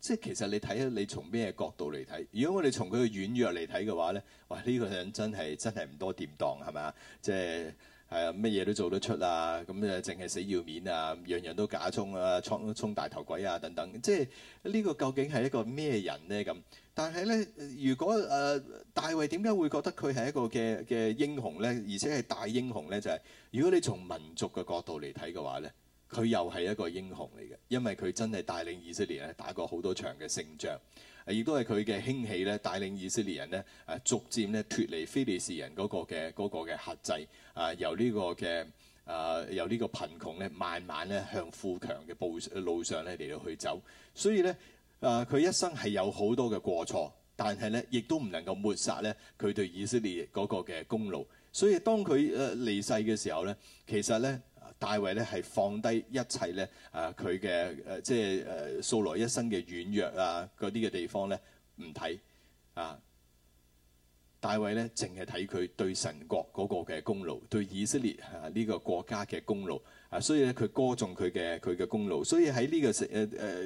[SPEAKER 1] 即係其實你睇下，你從咩角度嚟睇？如果我哋從佢嘅軟弱嚟睇嘅話咧，哇！呢、這個人真係真係唔多掂當，係咪啊？即係。係啊，乜嘢都做得出啊！咁誒，淨係死要面啊，樣樣都假充啊，充充大頭鬼啊等等。即係呢個究竟係一個咩人呢？咁但係呢，如果誒、呃、大衛點解會覺得佢係一個嘅嘅英雄呢？而且係大英雄呢？就係、是、如果你從民族嘅角度嚟睇嘅話呢，佢又係一個英雄嚟嘅，因為佢真係帶領以色列咧打過好多場嘅勝仗。亦都係佢嘅興起咧，帶領以色列人咧，誒逐漸咧脫離非利士人嗰個嘅嗰個嘅轄制啊，由呢個嘅啊由呢個貧窮咧，慢慢咧向富強嘅步路上咧嚟到去走。所以咧，誒佢一生係有好多嘅過錯，但係咧亦都唔能夠抹殺咧佢對以色列嗰個嘅功勞。所以當佢誒離世嘅時候咧，其實咧。大衛咧係放低一切咧，啊佢嘅誒即係誒掃羅一生嘅軟弱啊嗰啲嘅地方咧唔睇，啊大衛咧淨係睇佢對神國嗰個嘅功勞，對以色列呢、啊呢個國家嘅功勞，啊所以咧佢歌頌佢嘅佢嘅功勞，所以喺呢、呢個誒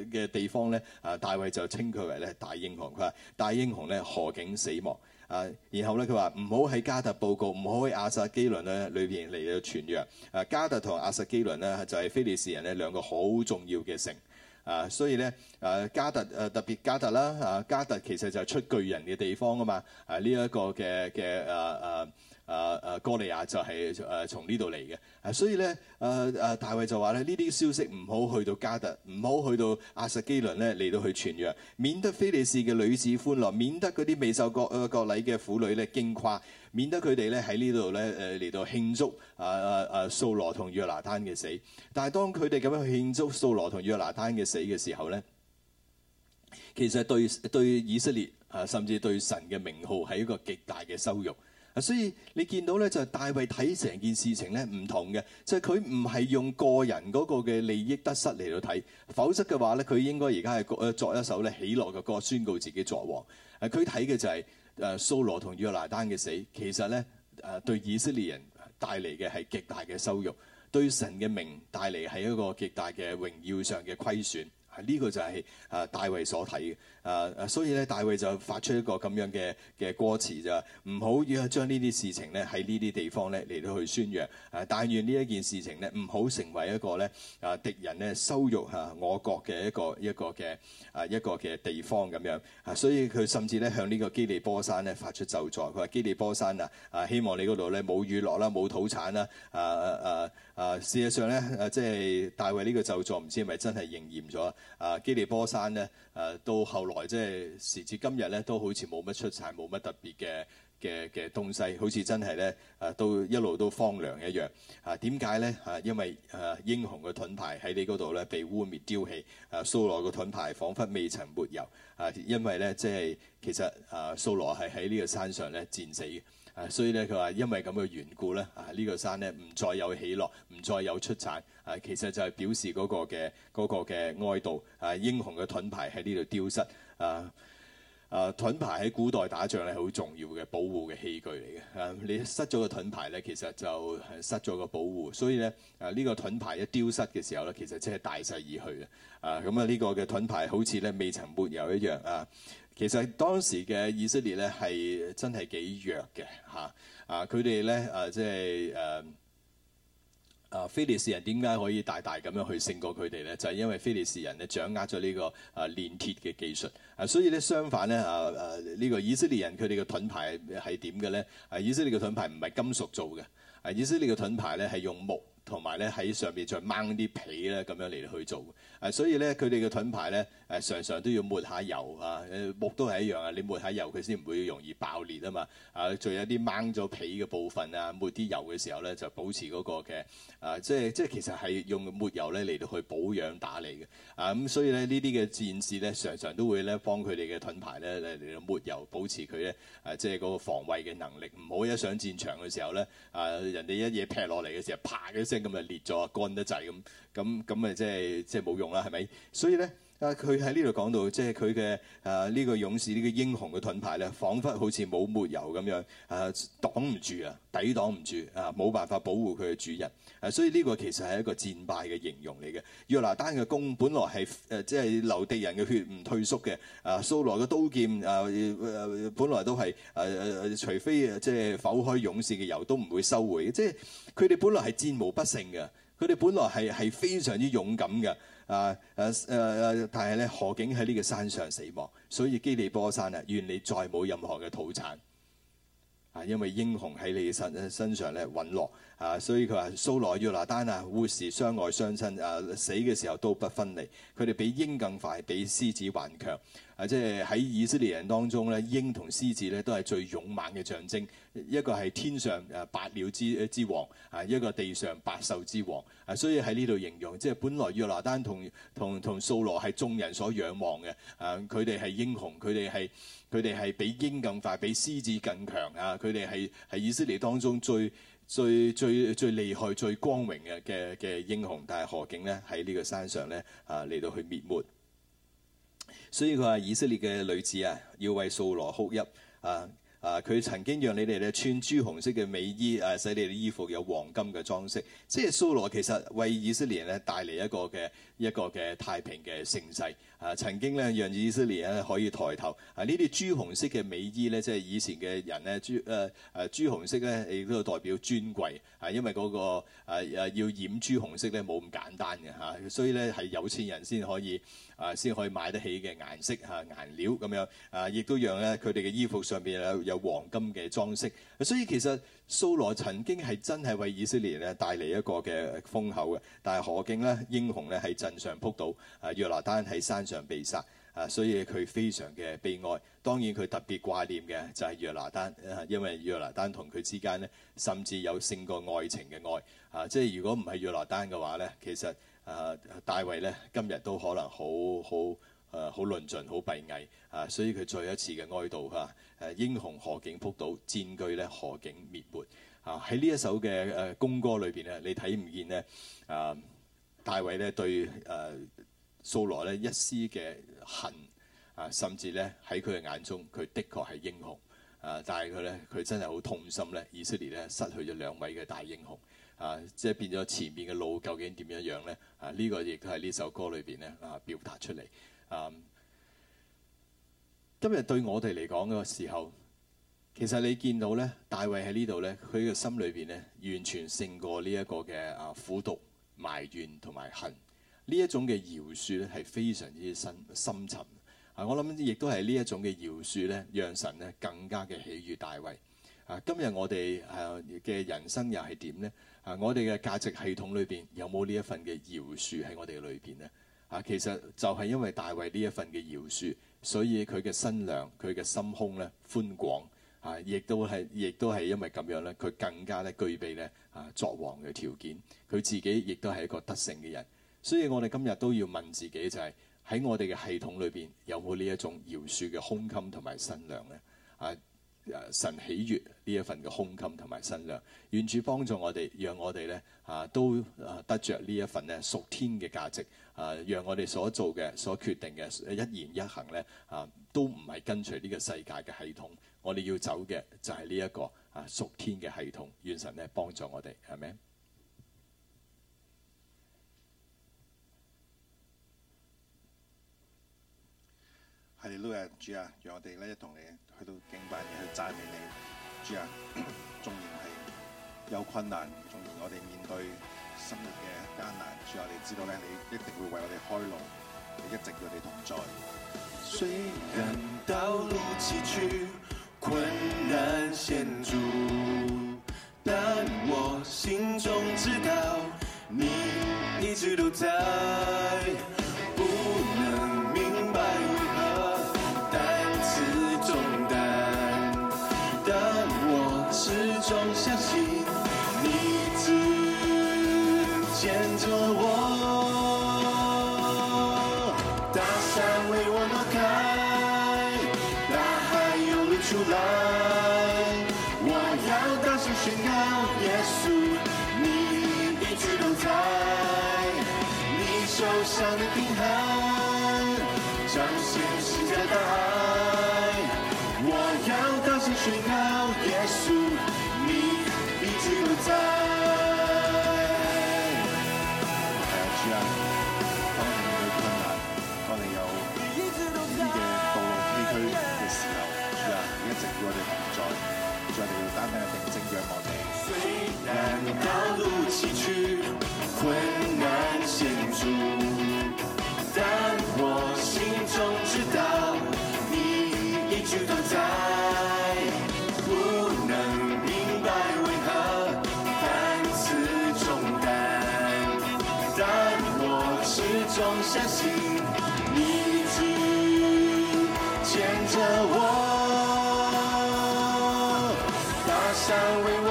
[SPEAKER 1] 誒嘅地方咧，啊大衛就稱佢為咧大英雄，佢話大英雄咧何竟死亡？啊，然後咧佢話唔好喺加特報告，唔好喺亞薩基倫咧裏邊嚟到傳揚。啊，加特同亞薩基倫咧就係非利士人呢兩個好重要嘅城。啊，所以咧啊，加特啊特別加特啦啊，加特其實就係出巨人嘅地方啊嘛。啊，呢、這、一個嘅嘅啊啊。啊啊！啊，哥利亞就係誒從呢度嚟嘅，所以咧，誒誒大衛就話咧，呢啲消息唔好去到迦特，唔好去到亞實基倫咧，嚟到去傳揚，免得非利士嘅女子歡樂，免得嗰啲未受割割禮嘅婦女咧矜誇，免得佢哋咧喺呢度咧誒嚟到慶祝啊啊啊掃羅同約拿單嘅死。但係當佢哋咁樣去慶祝掃羅同約拿單嘅死嘅時候咧，其實對對以色列啊，甚至對神嘅名號係一個極大嘅羞辱。啊，所以你見到咧就係大衛睇成件事情咧唔同嘅，就係佢唔係用個人嗰個嘅利益得失嚟到睇，否則嘅話咧，佢應該而家係作一首咧喜樂嘅歌宣告自己作王。佢睇嘅就係誒掃羅同約拿單嘅死，其實咧誒對以色列人帶嚟嘅係極大嘅羞辱，對神嘅名帶嚟係一個極大嘅榮耀上嘅虧損，係、這、呢個就係誒大衛所睇嘅。啊！Uh, 所以咧，大衛就發出一個咁樣嘅嘅歌詞就唔好要將呢啲事情咧喺呢啲地方咧嚟到去宣揚啊！但願呢一件事情咧唔好成為一個咧啊敵人咧羞辱嚇我國嘅一個一個嘅啊一個嘅地方咁樣啊！所以佢甚至咧向呢個基利波山咧發出咒詛，佢話基利波山啊啊，希望你嗰度咧冇雨落啦，冇土產啦啊啊啊,啊！事實上咧啊，即係大衛呢個咒詛唔知係咪真係應驗咗啊？基利波山咧。誒、啊、到後來即係時至今日咧，都好似冇乜出產，冇乜特別嘅嘅嘅東西，好似真係咧誒，都一路都荒涼一樣。啊，點解咧？啊，因為誒、啊、英雄嘅盾牌喺你嗰度咧被污滅丟棄，誒、啊、掃羅嘅盾牌彷彿未曾抹油。啊，因為咧即係其實誒掃、啊、羅係喺呢個山上咧戰死嘅。啊，所以咧佢話因為咁嘅緣故咧，啊呢、這個呢個山咧唔再有起落，唔再有出產，啊其實就係表示嗰個嘅嗰個嘅哀悼，啊英雄嘅盾牌喺呢度丟失，啊啊盾牌喺古代打仗咧係好重要嘅保護嘅器具嚟嘅，啊你失咗個盾牌咧，其實就失咗個保護，所以咧啊呢個盾牌一丟失嘅時候咧，其實真係大勢而去嘅，啊咁啊呢個嘅盾牌好似咧未曾抹油一樣啊。其實當時嘅以色列咧係真係幾弱嘅嚇啊！佢哋咧啊即係誒啊菲利士人點解可以大大咁樣去勝過佢哋咧？就係因為菲利士人咧掌握咗呢個啊煉鐵嘅技術啊，所以咧相反咧啊啊呢個以色列人佢哋嘅盾牌係點嘅咧？啊以色列嘅盾牌唔係金屬做嘅。啊！以色列嘅盾牌咧係用木同埋咧喺上邊再掹啲皮咧咁樣嚟去做。啊，所以咧佢哋嘅盾牌咧，誒常常都要抹下油啊！木都係一樣啊，你抹下油佢先唔會容易爆裂啊嘛。啊，仲有啲掹咗皮嘅部分啊，抹啲油嘅時候咧就保持嗰個嘅啊，即係即係其實係用抹油咧嚟到去保養打理嘅。啊，咁所以咧呢啲嘅戰士咧常常都會咧幫佢哋嘅盾牌咧嚟嚟抹油，保持佢咧啊，即係嗰個防衛嘅能力，唔好一上戰場嘅時候咧啊。人哋一嘢劈落嚟嘅時候，啪一聲咁就裂咗，乾得滯。咁，咁咁咪即係即係冇用啦，係咪？所以咧。佢喺呢度講到，即係佢嘅誒呢個勇士呢、呢個英雄嘅盾牌咧，仿佛好似冇抹油咁樣，誒、啊，擋唔住啊，抵擋唔住啊，冇辦法保護佢嘅主人。誒、啊，所以呢個其實係一個戰敗嘅形容嚟嘅。約拿單嘅弓本來係誒，即係流敵人嘅血唔退縮嘅。啊，掃羅嘅刀劍誒誒、啊呃，本來都係誒誒，除非即係否開勇士嘅油，都唔會收回。即係佢哋本來係戰無不勝嘅，佢哋本來係係非常之勇敢嘅。啊誒誒、啊、但係咧，何竟喺呢個山上死亡，所以基利波山啊，願你再冇任何嘅土產啊，因為英雄喺你身身上咧殞落啊，所以佢話掃羅約拿單啊，活時相愛相親啊，死嘅時候都不分離，佢哋比鷹更快，比獅子還強。即係喺以色列人當中咧，鷹同獅子咧都係最勇猛嘅象徵。一個係天上誒百鳥之之王，啊一個地上百獸之王。啊，所以喺呢度形容，即係本來約拿單同同同掃羅係眾人所仰望嘅。啊，佢哋係英雄，佢哋係佢哋係比鷹更快，比獅子更強啊！佢哋係係以色列當中最最最最厲害、最光榮嘅嘅英雄。但係何竟呢？喺呢個山上咧啊嚟到去滅沒。所以佢話以色列嘅女子啊，要為掃羅哭泣啊啊！佢、啊、曾經讓你哋咧穿朱紅色嘅美衣，誒、啊、使你哋衣服有黃金嘅裝飾。即係掃羅其實為以色列人咧帶嚟一個嘅。一個嘅太平嘅盛世啊，曾經咧讓以色列咧可以抬頭啊！呢啲朱紅色嘅美衣咧，即係以前嘅人咧朱誒誒朱紅色咧亦都代表尊貴啊，因為嗰、那個誒、啊、要染朱紅色咧冇咁簡單嘅嚇、啊，所以咧係有錢人先可以啊，先可以買得起嘅顏色嚇、啊、顏料咁樣啊，亦都讓咧佢哋嘅衣服上邊有有黃金嘅裝飾，所以其實。蘇羅曾經係真係為以色列咧帶嚟一個嘅封口嘅，但係可敬呢，英雄咧喺陣上撲倒啊，約拿單喺山上被殺啊，所以佢非常嘅悲哀。當然佢特別掛念嘅就係約拿單，啊，因為約拿單同佢之間呢，甚至有勝過愛情嘅愛啊。即係如果唔係約拿單嘅話呢，其實啊，大衛呢，今日都可能好好誒好論盡好閉翳啊，所以佢再一次嘅哀悼嚇。啊誒英雄何竟仆倒，戰具咧何竟滅沒啊！喺呢一首嘅誒公歌裏邊咧，你睇唔見呢啊！大衛咧對誒掃、啊、羅咧一絲嘅恨啊，甚至咧喺佢嘅眼中，佢的確係英雄啊！但係佢咧，佢真係好痛心咧，以色列咧失去咗兩位嘅大英雄啊！即係變咗前面嘅路究竟點樣樣咧啊？呢、這個亦都係呢首歌裏邊咧啊表達出嚟啊！今日對我哋嚟講嘅時候，其實你見到咧，大衛喺呢度咧，佢嘅心裏邊咧，完全勝過呢一個嘅啊苦毒、埋怨、同埋恨呢一種嘅饒恕咧，係非常之深深沉。啊，我諗亦都係呢一種嘅饒恕咧，讓神咧更加嘅喜悅大衛。啊，今日我哋誒嘅人生又係點呢？啊，我哋嘅價值系統裏邊有冇呢一份嘅饒恕喺我哋裏邊呢？啊，其實就係因為大衛呢一份嘅饒恕。所以佢嘅身量、佢嘅心胸咧寬廣，啊，亦都係，亦都係因為咁樣咧，佢更加咧具備咧啊作王嘅條件。佢自己亦都係一個得勝嘅人，所以我哋今日都要問自己，就是，就係喺我哋嘅系統裏邊有冇呢一種饒恕嘅胸襟同埋身量咧？啊！神喜悅呢一份嘅胸襟同埋身量，願主幫助我哋，讓我哋咧啊都得着呢一份咧屬天嘅價值啊，讓我哋所做嘅、所決定嘅一言一行咧啊，都唔係跟隨呢個世界嘅系統，我哋要走嘅就係呢一個啊屬天嘅系統，願神咧幫助我哋，係咪？
[SPEAKER 2] 係你攞嚟主啊！讓我哋咧一同你去到敬拜你，去讚美你，主啊！縱然係有困難，縱然我哋面對生活嘅艱難，主我哋知道咧，你一定會為我哋開路，你一直與我哋同在。雖然道路崎嶇，困難險阻，但
[SPEAKER 3] 我心中知道，你一直都在。困難險阻，但我心中知道，你一直都在。不能明白為何擔此重擔，但我始終相信你一直牽着我。大山為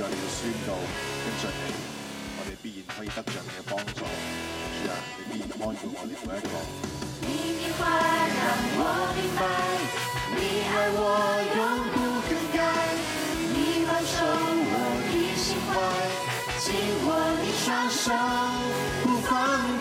[SPEAKER 2] 在了宣道跟著你，我哋必然可以得着你嘅幫助。主
[SPEAKER 3] Yeah, 你必然
[SPEAKER 2] 安撫我哋每一個。你的話讓
[SPEAKER 3] 我明白，你愛我永不更改。你保守我的心懷，緊握你雙手不放。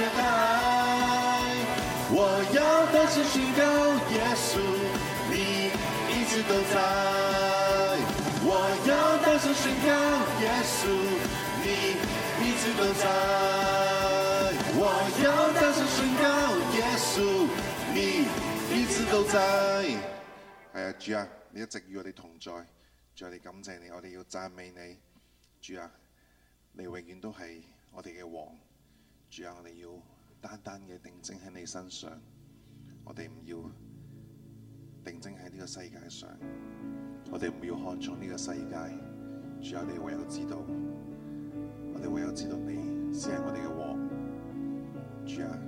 [SPEAKER 3] 我要大聲宣告：耶穌，你一直都在。我要大聲宣告：耶穌，你一直都在。我要大聲宣告：耶穌，你一直都在。
[SPEAKER 2] 係啊，主啊，你一直與我哋同在，主啊，我哋感謝你，我哋要讚美你，主啊，你永遠都係我哋嘅王。主啊，我哋要單單嘅定睛喺你身上，我哋唔要定睛喺呢個世界上，我哋唔要看重呢個世界。主啊，我哋唯有知道，我哋唯有知道你先係我哋嘅王。主啊。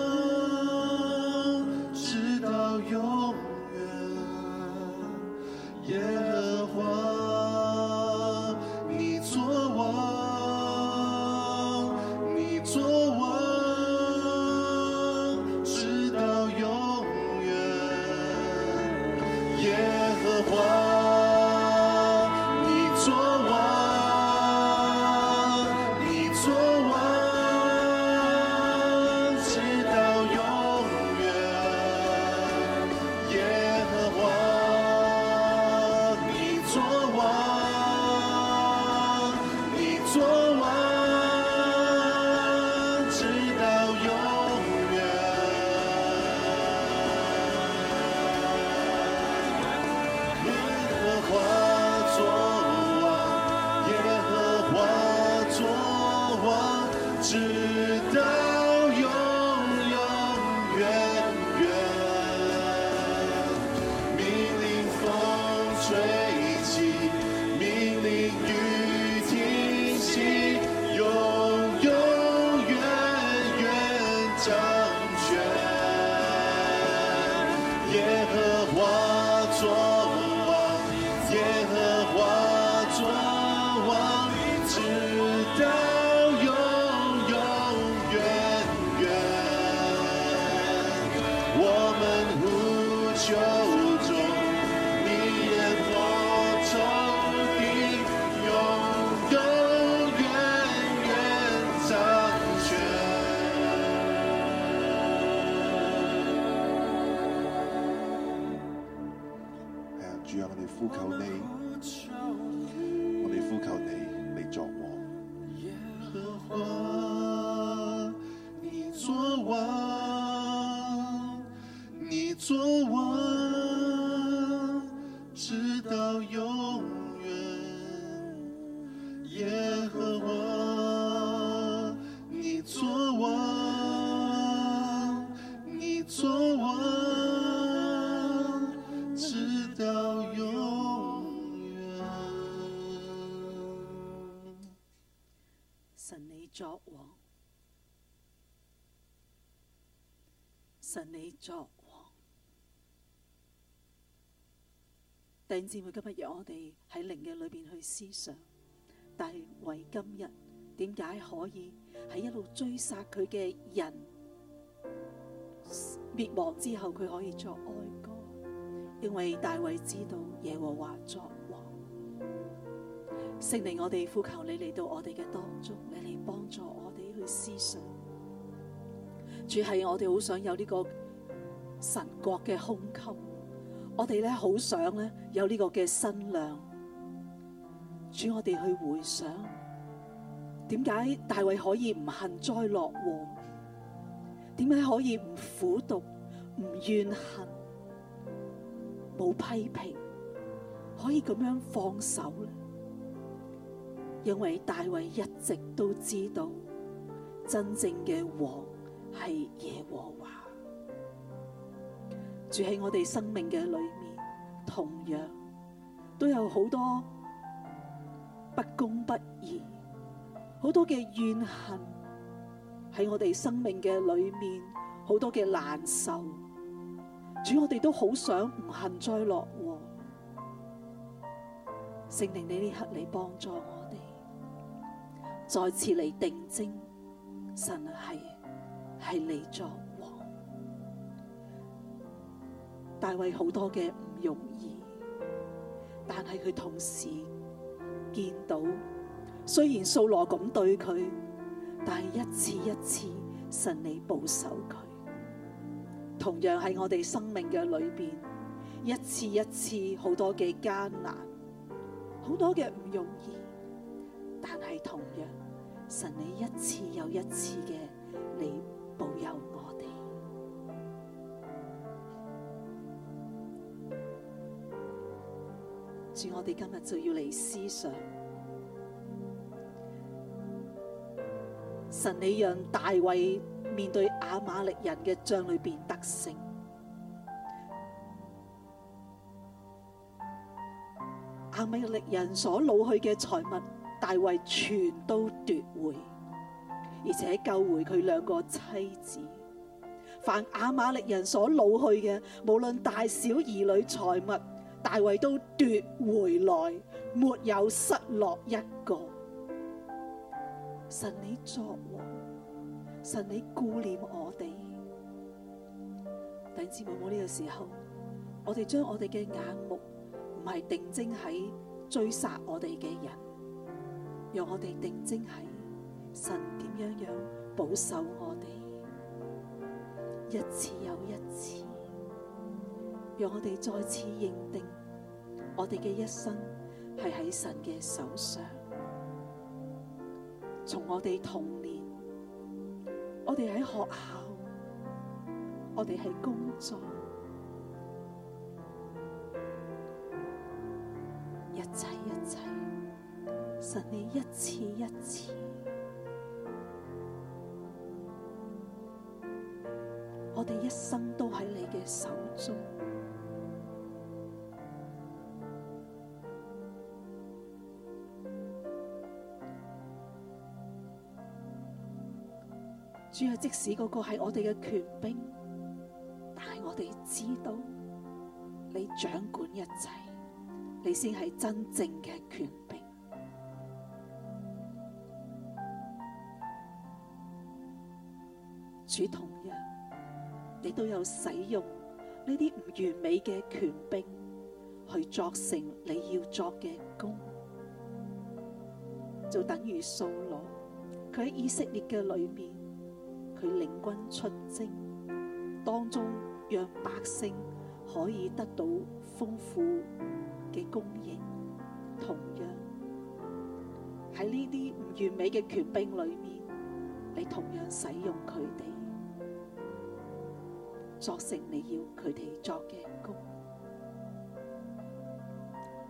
[SPEAKER 4] 神你作王，第二支會今日讓我哋喺靈嘅裏邊去思想，大衛今日，點解可以喺一路追殺佢嘅人滅亡之後佢可以作哀歌？因為大衛知道耶和華作王，聖靈，我哋呼求你嚟到我哋嘅當中，你嚟幫助我哋去思想。主，係我哋好想有呢個神國嘅胸襟，我哋咧好想咧有呢個嘅新娘。主，我哋去回想，點解大衛可以唔幸災樂禍？點解可以唔苦毒、唔怨恨、冇批評，可以咁樣放手咧？因為大衛一直都知道真正嘅王。係耶和華住喺我哋生命嘅裏面，同樣都有好多不公不義，好多嘅怨恨喺我哋生命嘅裏面，好多嘅難受，主我哋都好想唔幸災樂禍。聖靈你呢刻你幫助我哋再次嚟定睛，神係。係嚟作王，大衛好多嘅唔容易，但係佢同時見到雖然掃羅咁對佢，但係一次一次神你保守佢，同樣喺我哋生命嘅裏邊，一次一次好多嘅艱難，好多嘅唔容易，但係同樣神你一次又一次嘅嚟。保佑我哋，主，我哋今日就要嚟思想，神你讓大衛面對亞瑪力人嘅仗裏邊得勝，亞瑪力人所擄去嘅財物，大衛全都奪回。而且救回佢兩個妻子，凡亞瑪力人所擄去嘅，無論大小兒女財物，大衛都奪回來，沒有失落一個。神你作王，神你顧念我哋。等知唔知呢個時候，我哋將我哋嘅眼目唔係定睛喺追殺我哋嘅人，讓我哋定睛喺。神點樣樣保守我哋一次又一次，讓我哋再次認定我哋嘅一生係喺神嘅手上。從我哋童年，我哋喺學校，我哋喺工作，一切一切，神你一次一次。我哋一生都喺你嘅手中，主要即使嗰個係我哋嘅權柄，但係我哋知道你掌管一切，你先係真正嘅權柄。主同樣。你都有使用呢啲唔完美嘅權柄去作成你要作嘅工，就等於掃羅佢喺以色列嘅裏面，佢領軍出征當中，讓百姓可以得到豐富嘅供應。同樣喺呢啲唔完美嘅權柄裏面，你同樣使用佢哋。作成你要佢哋作嘅工，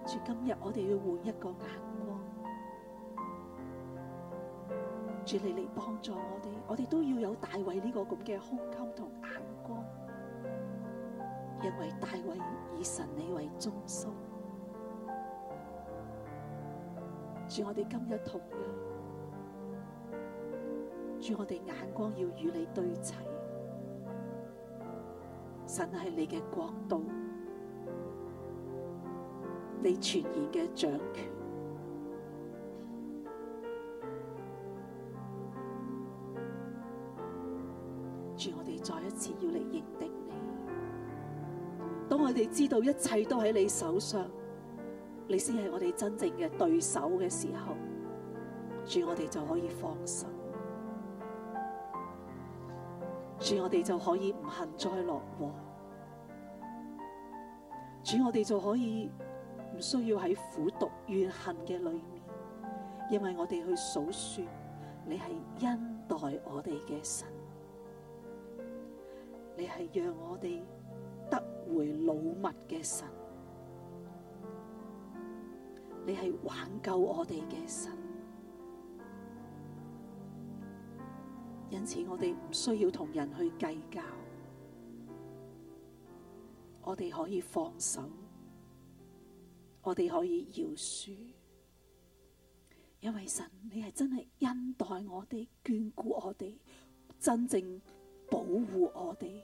[SPEAKER 4] 主，今日我哋要換一個眼光，主，你嚟幫助我哋，我哋都要有大衛呢個咁嘅胸襟同眼光，因為大衛以神你為中心，主，我哋今日同樣，主，我哋眼光要與你對齊。神係你嘅國度，你全然嘅掌權。主，我哋再一次要嚟認定你。當我哋知道一切都喺你手上，你先係我哋真正嘅對手嘅時候，主，我哋就可以放心。主，我哋就可以唔幸災樂禍；主，我哋就可以唔需要喺苦毒怨恨嘅裏面，因為我哋去數算你係恩待我哋嘅神，你係讓我哋得回老物嘅神，你係挽救我哋嘅神。因此，我哋唔需要同人去計較，我哋可以放手，我哋可以饒恕，因為神你係真係恩待我哋、眷顧我哋、真正保護我哋，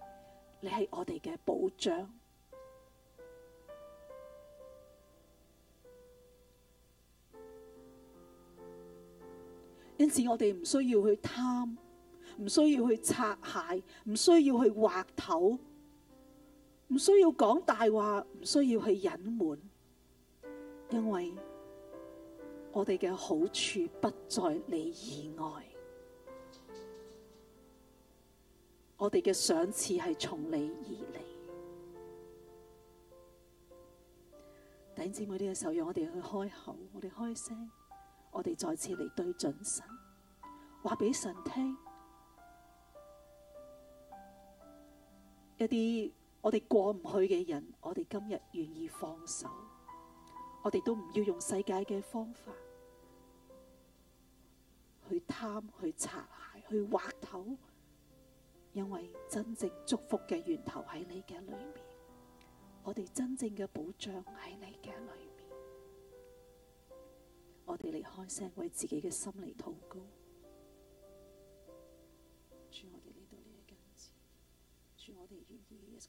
[SPEAKER 4] 你係我哋嘅保障。因此，我哋唔需要去貪。唔需要去擦鞋，唔需要去滑頭，唔需要講大話，唔需要去隱瞞，因為我哋嘅好處不在你以外，我哋嘅賞賜係從你而嚟。弟兄姊妹呢個時候，讓我哋去開口，我哋開聲，我哋再次嚟對準神，話俾神聽。一啲我哋過唔去嘅人，我哋今日願意放手，我哋都唔要用世界嘅方法去貪、去擦鞋、去滑頭，因為真正祝福嘅源頭喺你嘅裏面，我哋真正嘅保障喺你嘅裏面，我哋嚟開聲為自己嘅心嚟禱告。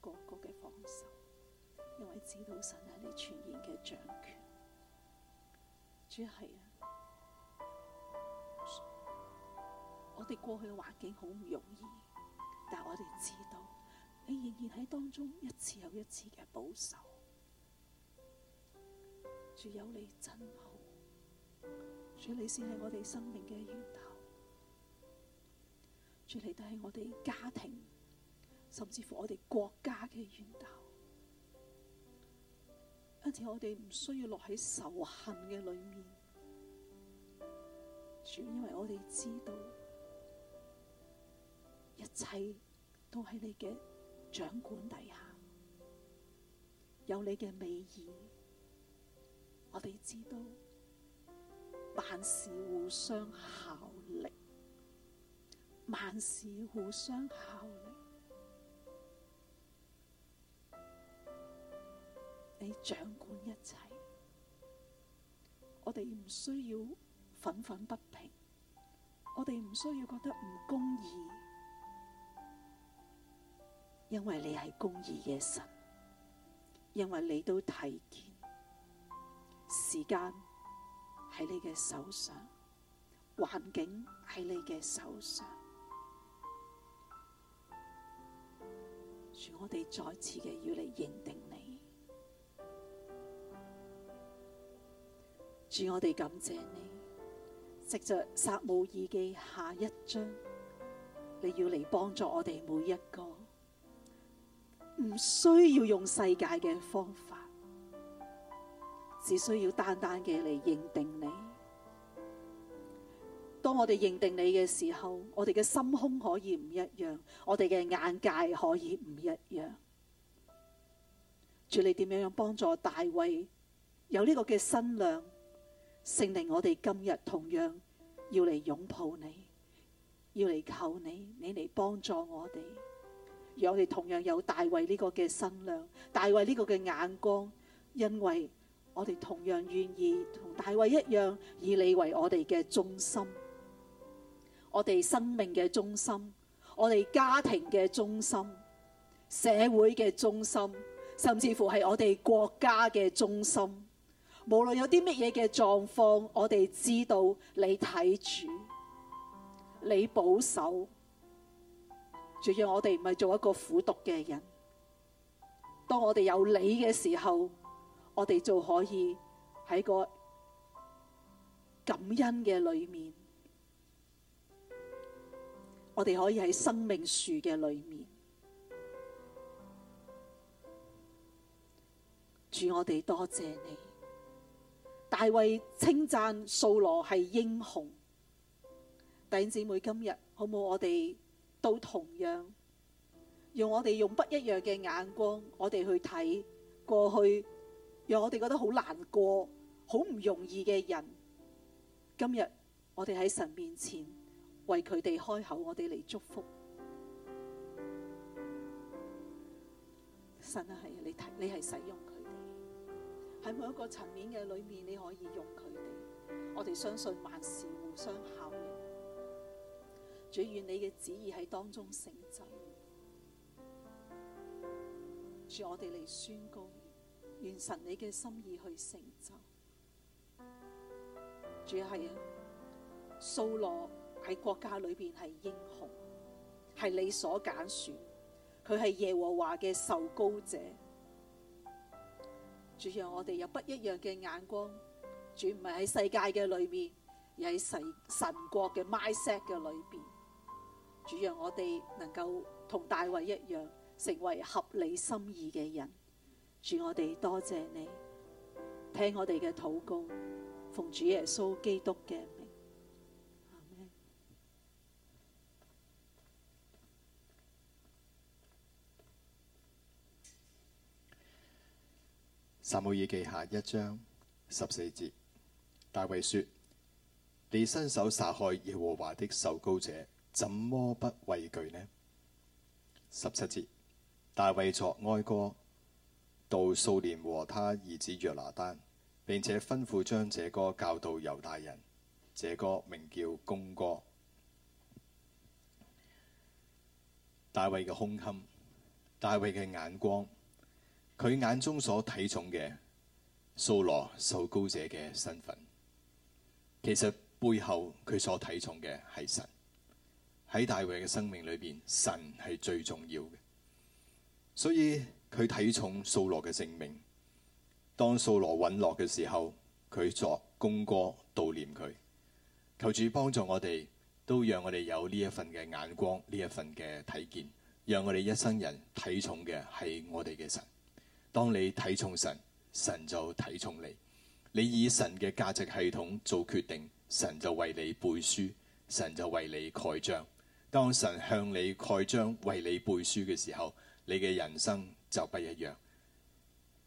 [SPEAKER 4] 個個嘅放手，因為知道神係你全然嘅掌權。主係啊，我哋過去嘅環境好唔容易，但我哋知道你仍然喺當中一次又一次嘅保守。主有你真好，主你先係我哋生命嘅源頭，主你都係我哋家庭，甚至乎我哋國家嘅源頭，因此我哋唔需要落喺仇恨嘅裏面。主，因為我哋知道一切都喺你嘅掌管底下，有你嘅美意。我哋知道，萬事互相效力，萬事互相效力。你掌管一切，我哋唔需要憤憤不平，我哋唔需要覺得唔公義，因為你係公義嘅神，因為你都睇見，時間喺你嘅手上，環境喺你嘅手上，所以我哋再次嘅要你認定。主，我哋感謝你，藉着撒母耳記下一章，你要嚟幫助我哋每一個，唔需要用世界嘅方法，只需要單單嘅嚟認定你。當我哋認定你嘅時候，我哋嘅心胸可以唔一樣，我哋嘅眼界可以唔一樣。主，你點樣樣幫助大衛有呢個嘅新亮。聖靈，我哋今日同樣要嚟擁抱你，要嚟求你，你嚟幫助我哋，讓我哋同樣有大衛呢個嘅身量，大衛呢個嘅眼光，因為我哋同樣願意同大衛一樣，以你為我哋嘅中心，我哋生命嘅中心，我哋家庭嘅中心，社會嘅中心，甚至乎係我哋國家嘅中心。無論有啲乜嘢嘅狀況，我哋知道你睇住，你保守，仲要我哋唔係做一個苦毒嘅人。當我哋有你嘅時候，我哋就可以喺個感恩嘅裏面，我哋可以喺生命樹嘅裏面，主我哋多謝你。大衛稱讚掃羅係英雄，弟兄姊妹今日好冇？我哋都同樣用我哋用不一樣嘅眼光，我哋去睇過去，讓我哋覺得好難過、好唔容易嘅人。今日我哋喺神面前為佢哋開口，我哋嚟祝福。神係啊，你睇，你係使用。喺每一個層面嘅裏面，你可以用佢哋。我哋相信萬事互相效力，主願你嘅旨意喺當中成就。主，我哋嚟宣告，願神你嘅心意去成就。主係，掃羅喺國家裏邊係英雄，係你所揀選，佢係耶和華嘅受膏者。主讓我哋有不一樣嘅眼光，主唔係喺世界嘅裏面，而喺神神國嘅 mindset 嘅裏邊。主讓我哋能夠同大衛一樣，成為合理心意嘅人。主我哋多謝你，聽我哋嘅禱告，奉主耶穌基督嘅。
[SPEAKER 1] 撒母耳記下一章十四節，大衛說：你伸手殺害耶和華的受膏者，怎麼不畏懼呢？十七節，大衛作哀歌，弔掃羅和他兒子約拿單，並且吩咐將這歌教導猶大人，這歌名叫《弓歌》。大衛嘅胸襟，大衛嘅眼光。佢眼中所睇重嘅掃羅受膏者嘅身份，其實背後佢所睇重嘅係神喺大衛嘅生命裏邊，神係最重要嘅。所以佢睇重掃羅嘅性命。當掃羅隕落嘅時候，佢作功歌悼念佢。求主幫助我哋，都讓我哋有呢一份嘅眼光，呢一份嘅睇見，讓我哋一生人睇重嘅係我哋嘅神。當你睇重神，神就睇重你；你以神嘅價值系統做決定，神就為你背書，神就為你蓋章。當神向你蓋章、為你背書嘅時候，你嘅人生就不一樣。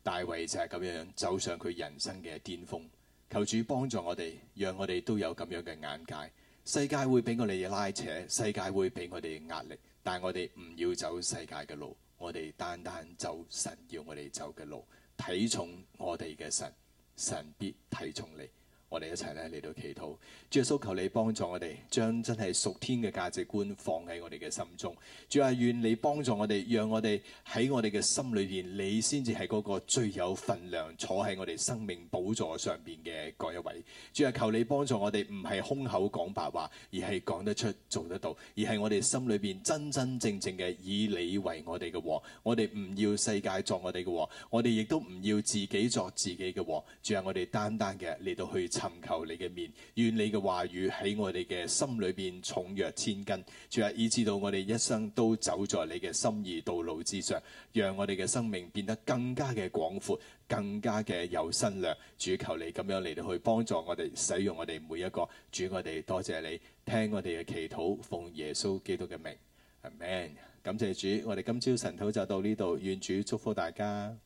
[SPEAKER 1] 大衛就係咁樣樣走上佢人生嘅巔峰，求主幫助我哋，讓我哋都有咁樣嘅眼界。世界會俾我哋拉扯，世界會俾我哋壓力，但係我哋唔要走世界嘅路。我哋單單走神要我哋走嘅路，睇重我哋嘅神，神必睇重你。我哋一齊咧嚟到祈禱，主啊，求你幫助我哋，將真係屬天嘅價值觀放喺我哋嘅心中。主啊，願你幫助我哋，讓我哋喺我哋嘅心裏邊，你先至係嗰個最有份量坐喺我哋生命寶座上邊嘅嗰一位。主 *noise* 啊樂，求你幫助我哋，唔係空口講白話，而係講得出、做得到，而係我哋心裏邊真真正正嘅以你為我哋嘅王。我哋唔要世界作我哋嘅王，我哋亦都唔要自己作自己嘅王。主啊，我哋單單嘅嚟到去尋求你嘅面，願你嘅話語喺我哋嘅心裏邊重若千斤，主啊，以至到我哋一生都走在你嘅心意道路之上，讓我哋嘅生命變得更加嘅廣闊，更加嘅有身量。主，求你咁樣嚟到去幫助我哋，使用我哋每一個主，我哋多謝你聽我哋嘅祈禱，奉耶穌基督嘅名，阿門。感謝主，我哋今朝晨禱就到呢度，願主祝福大家。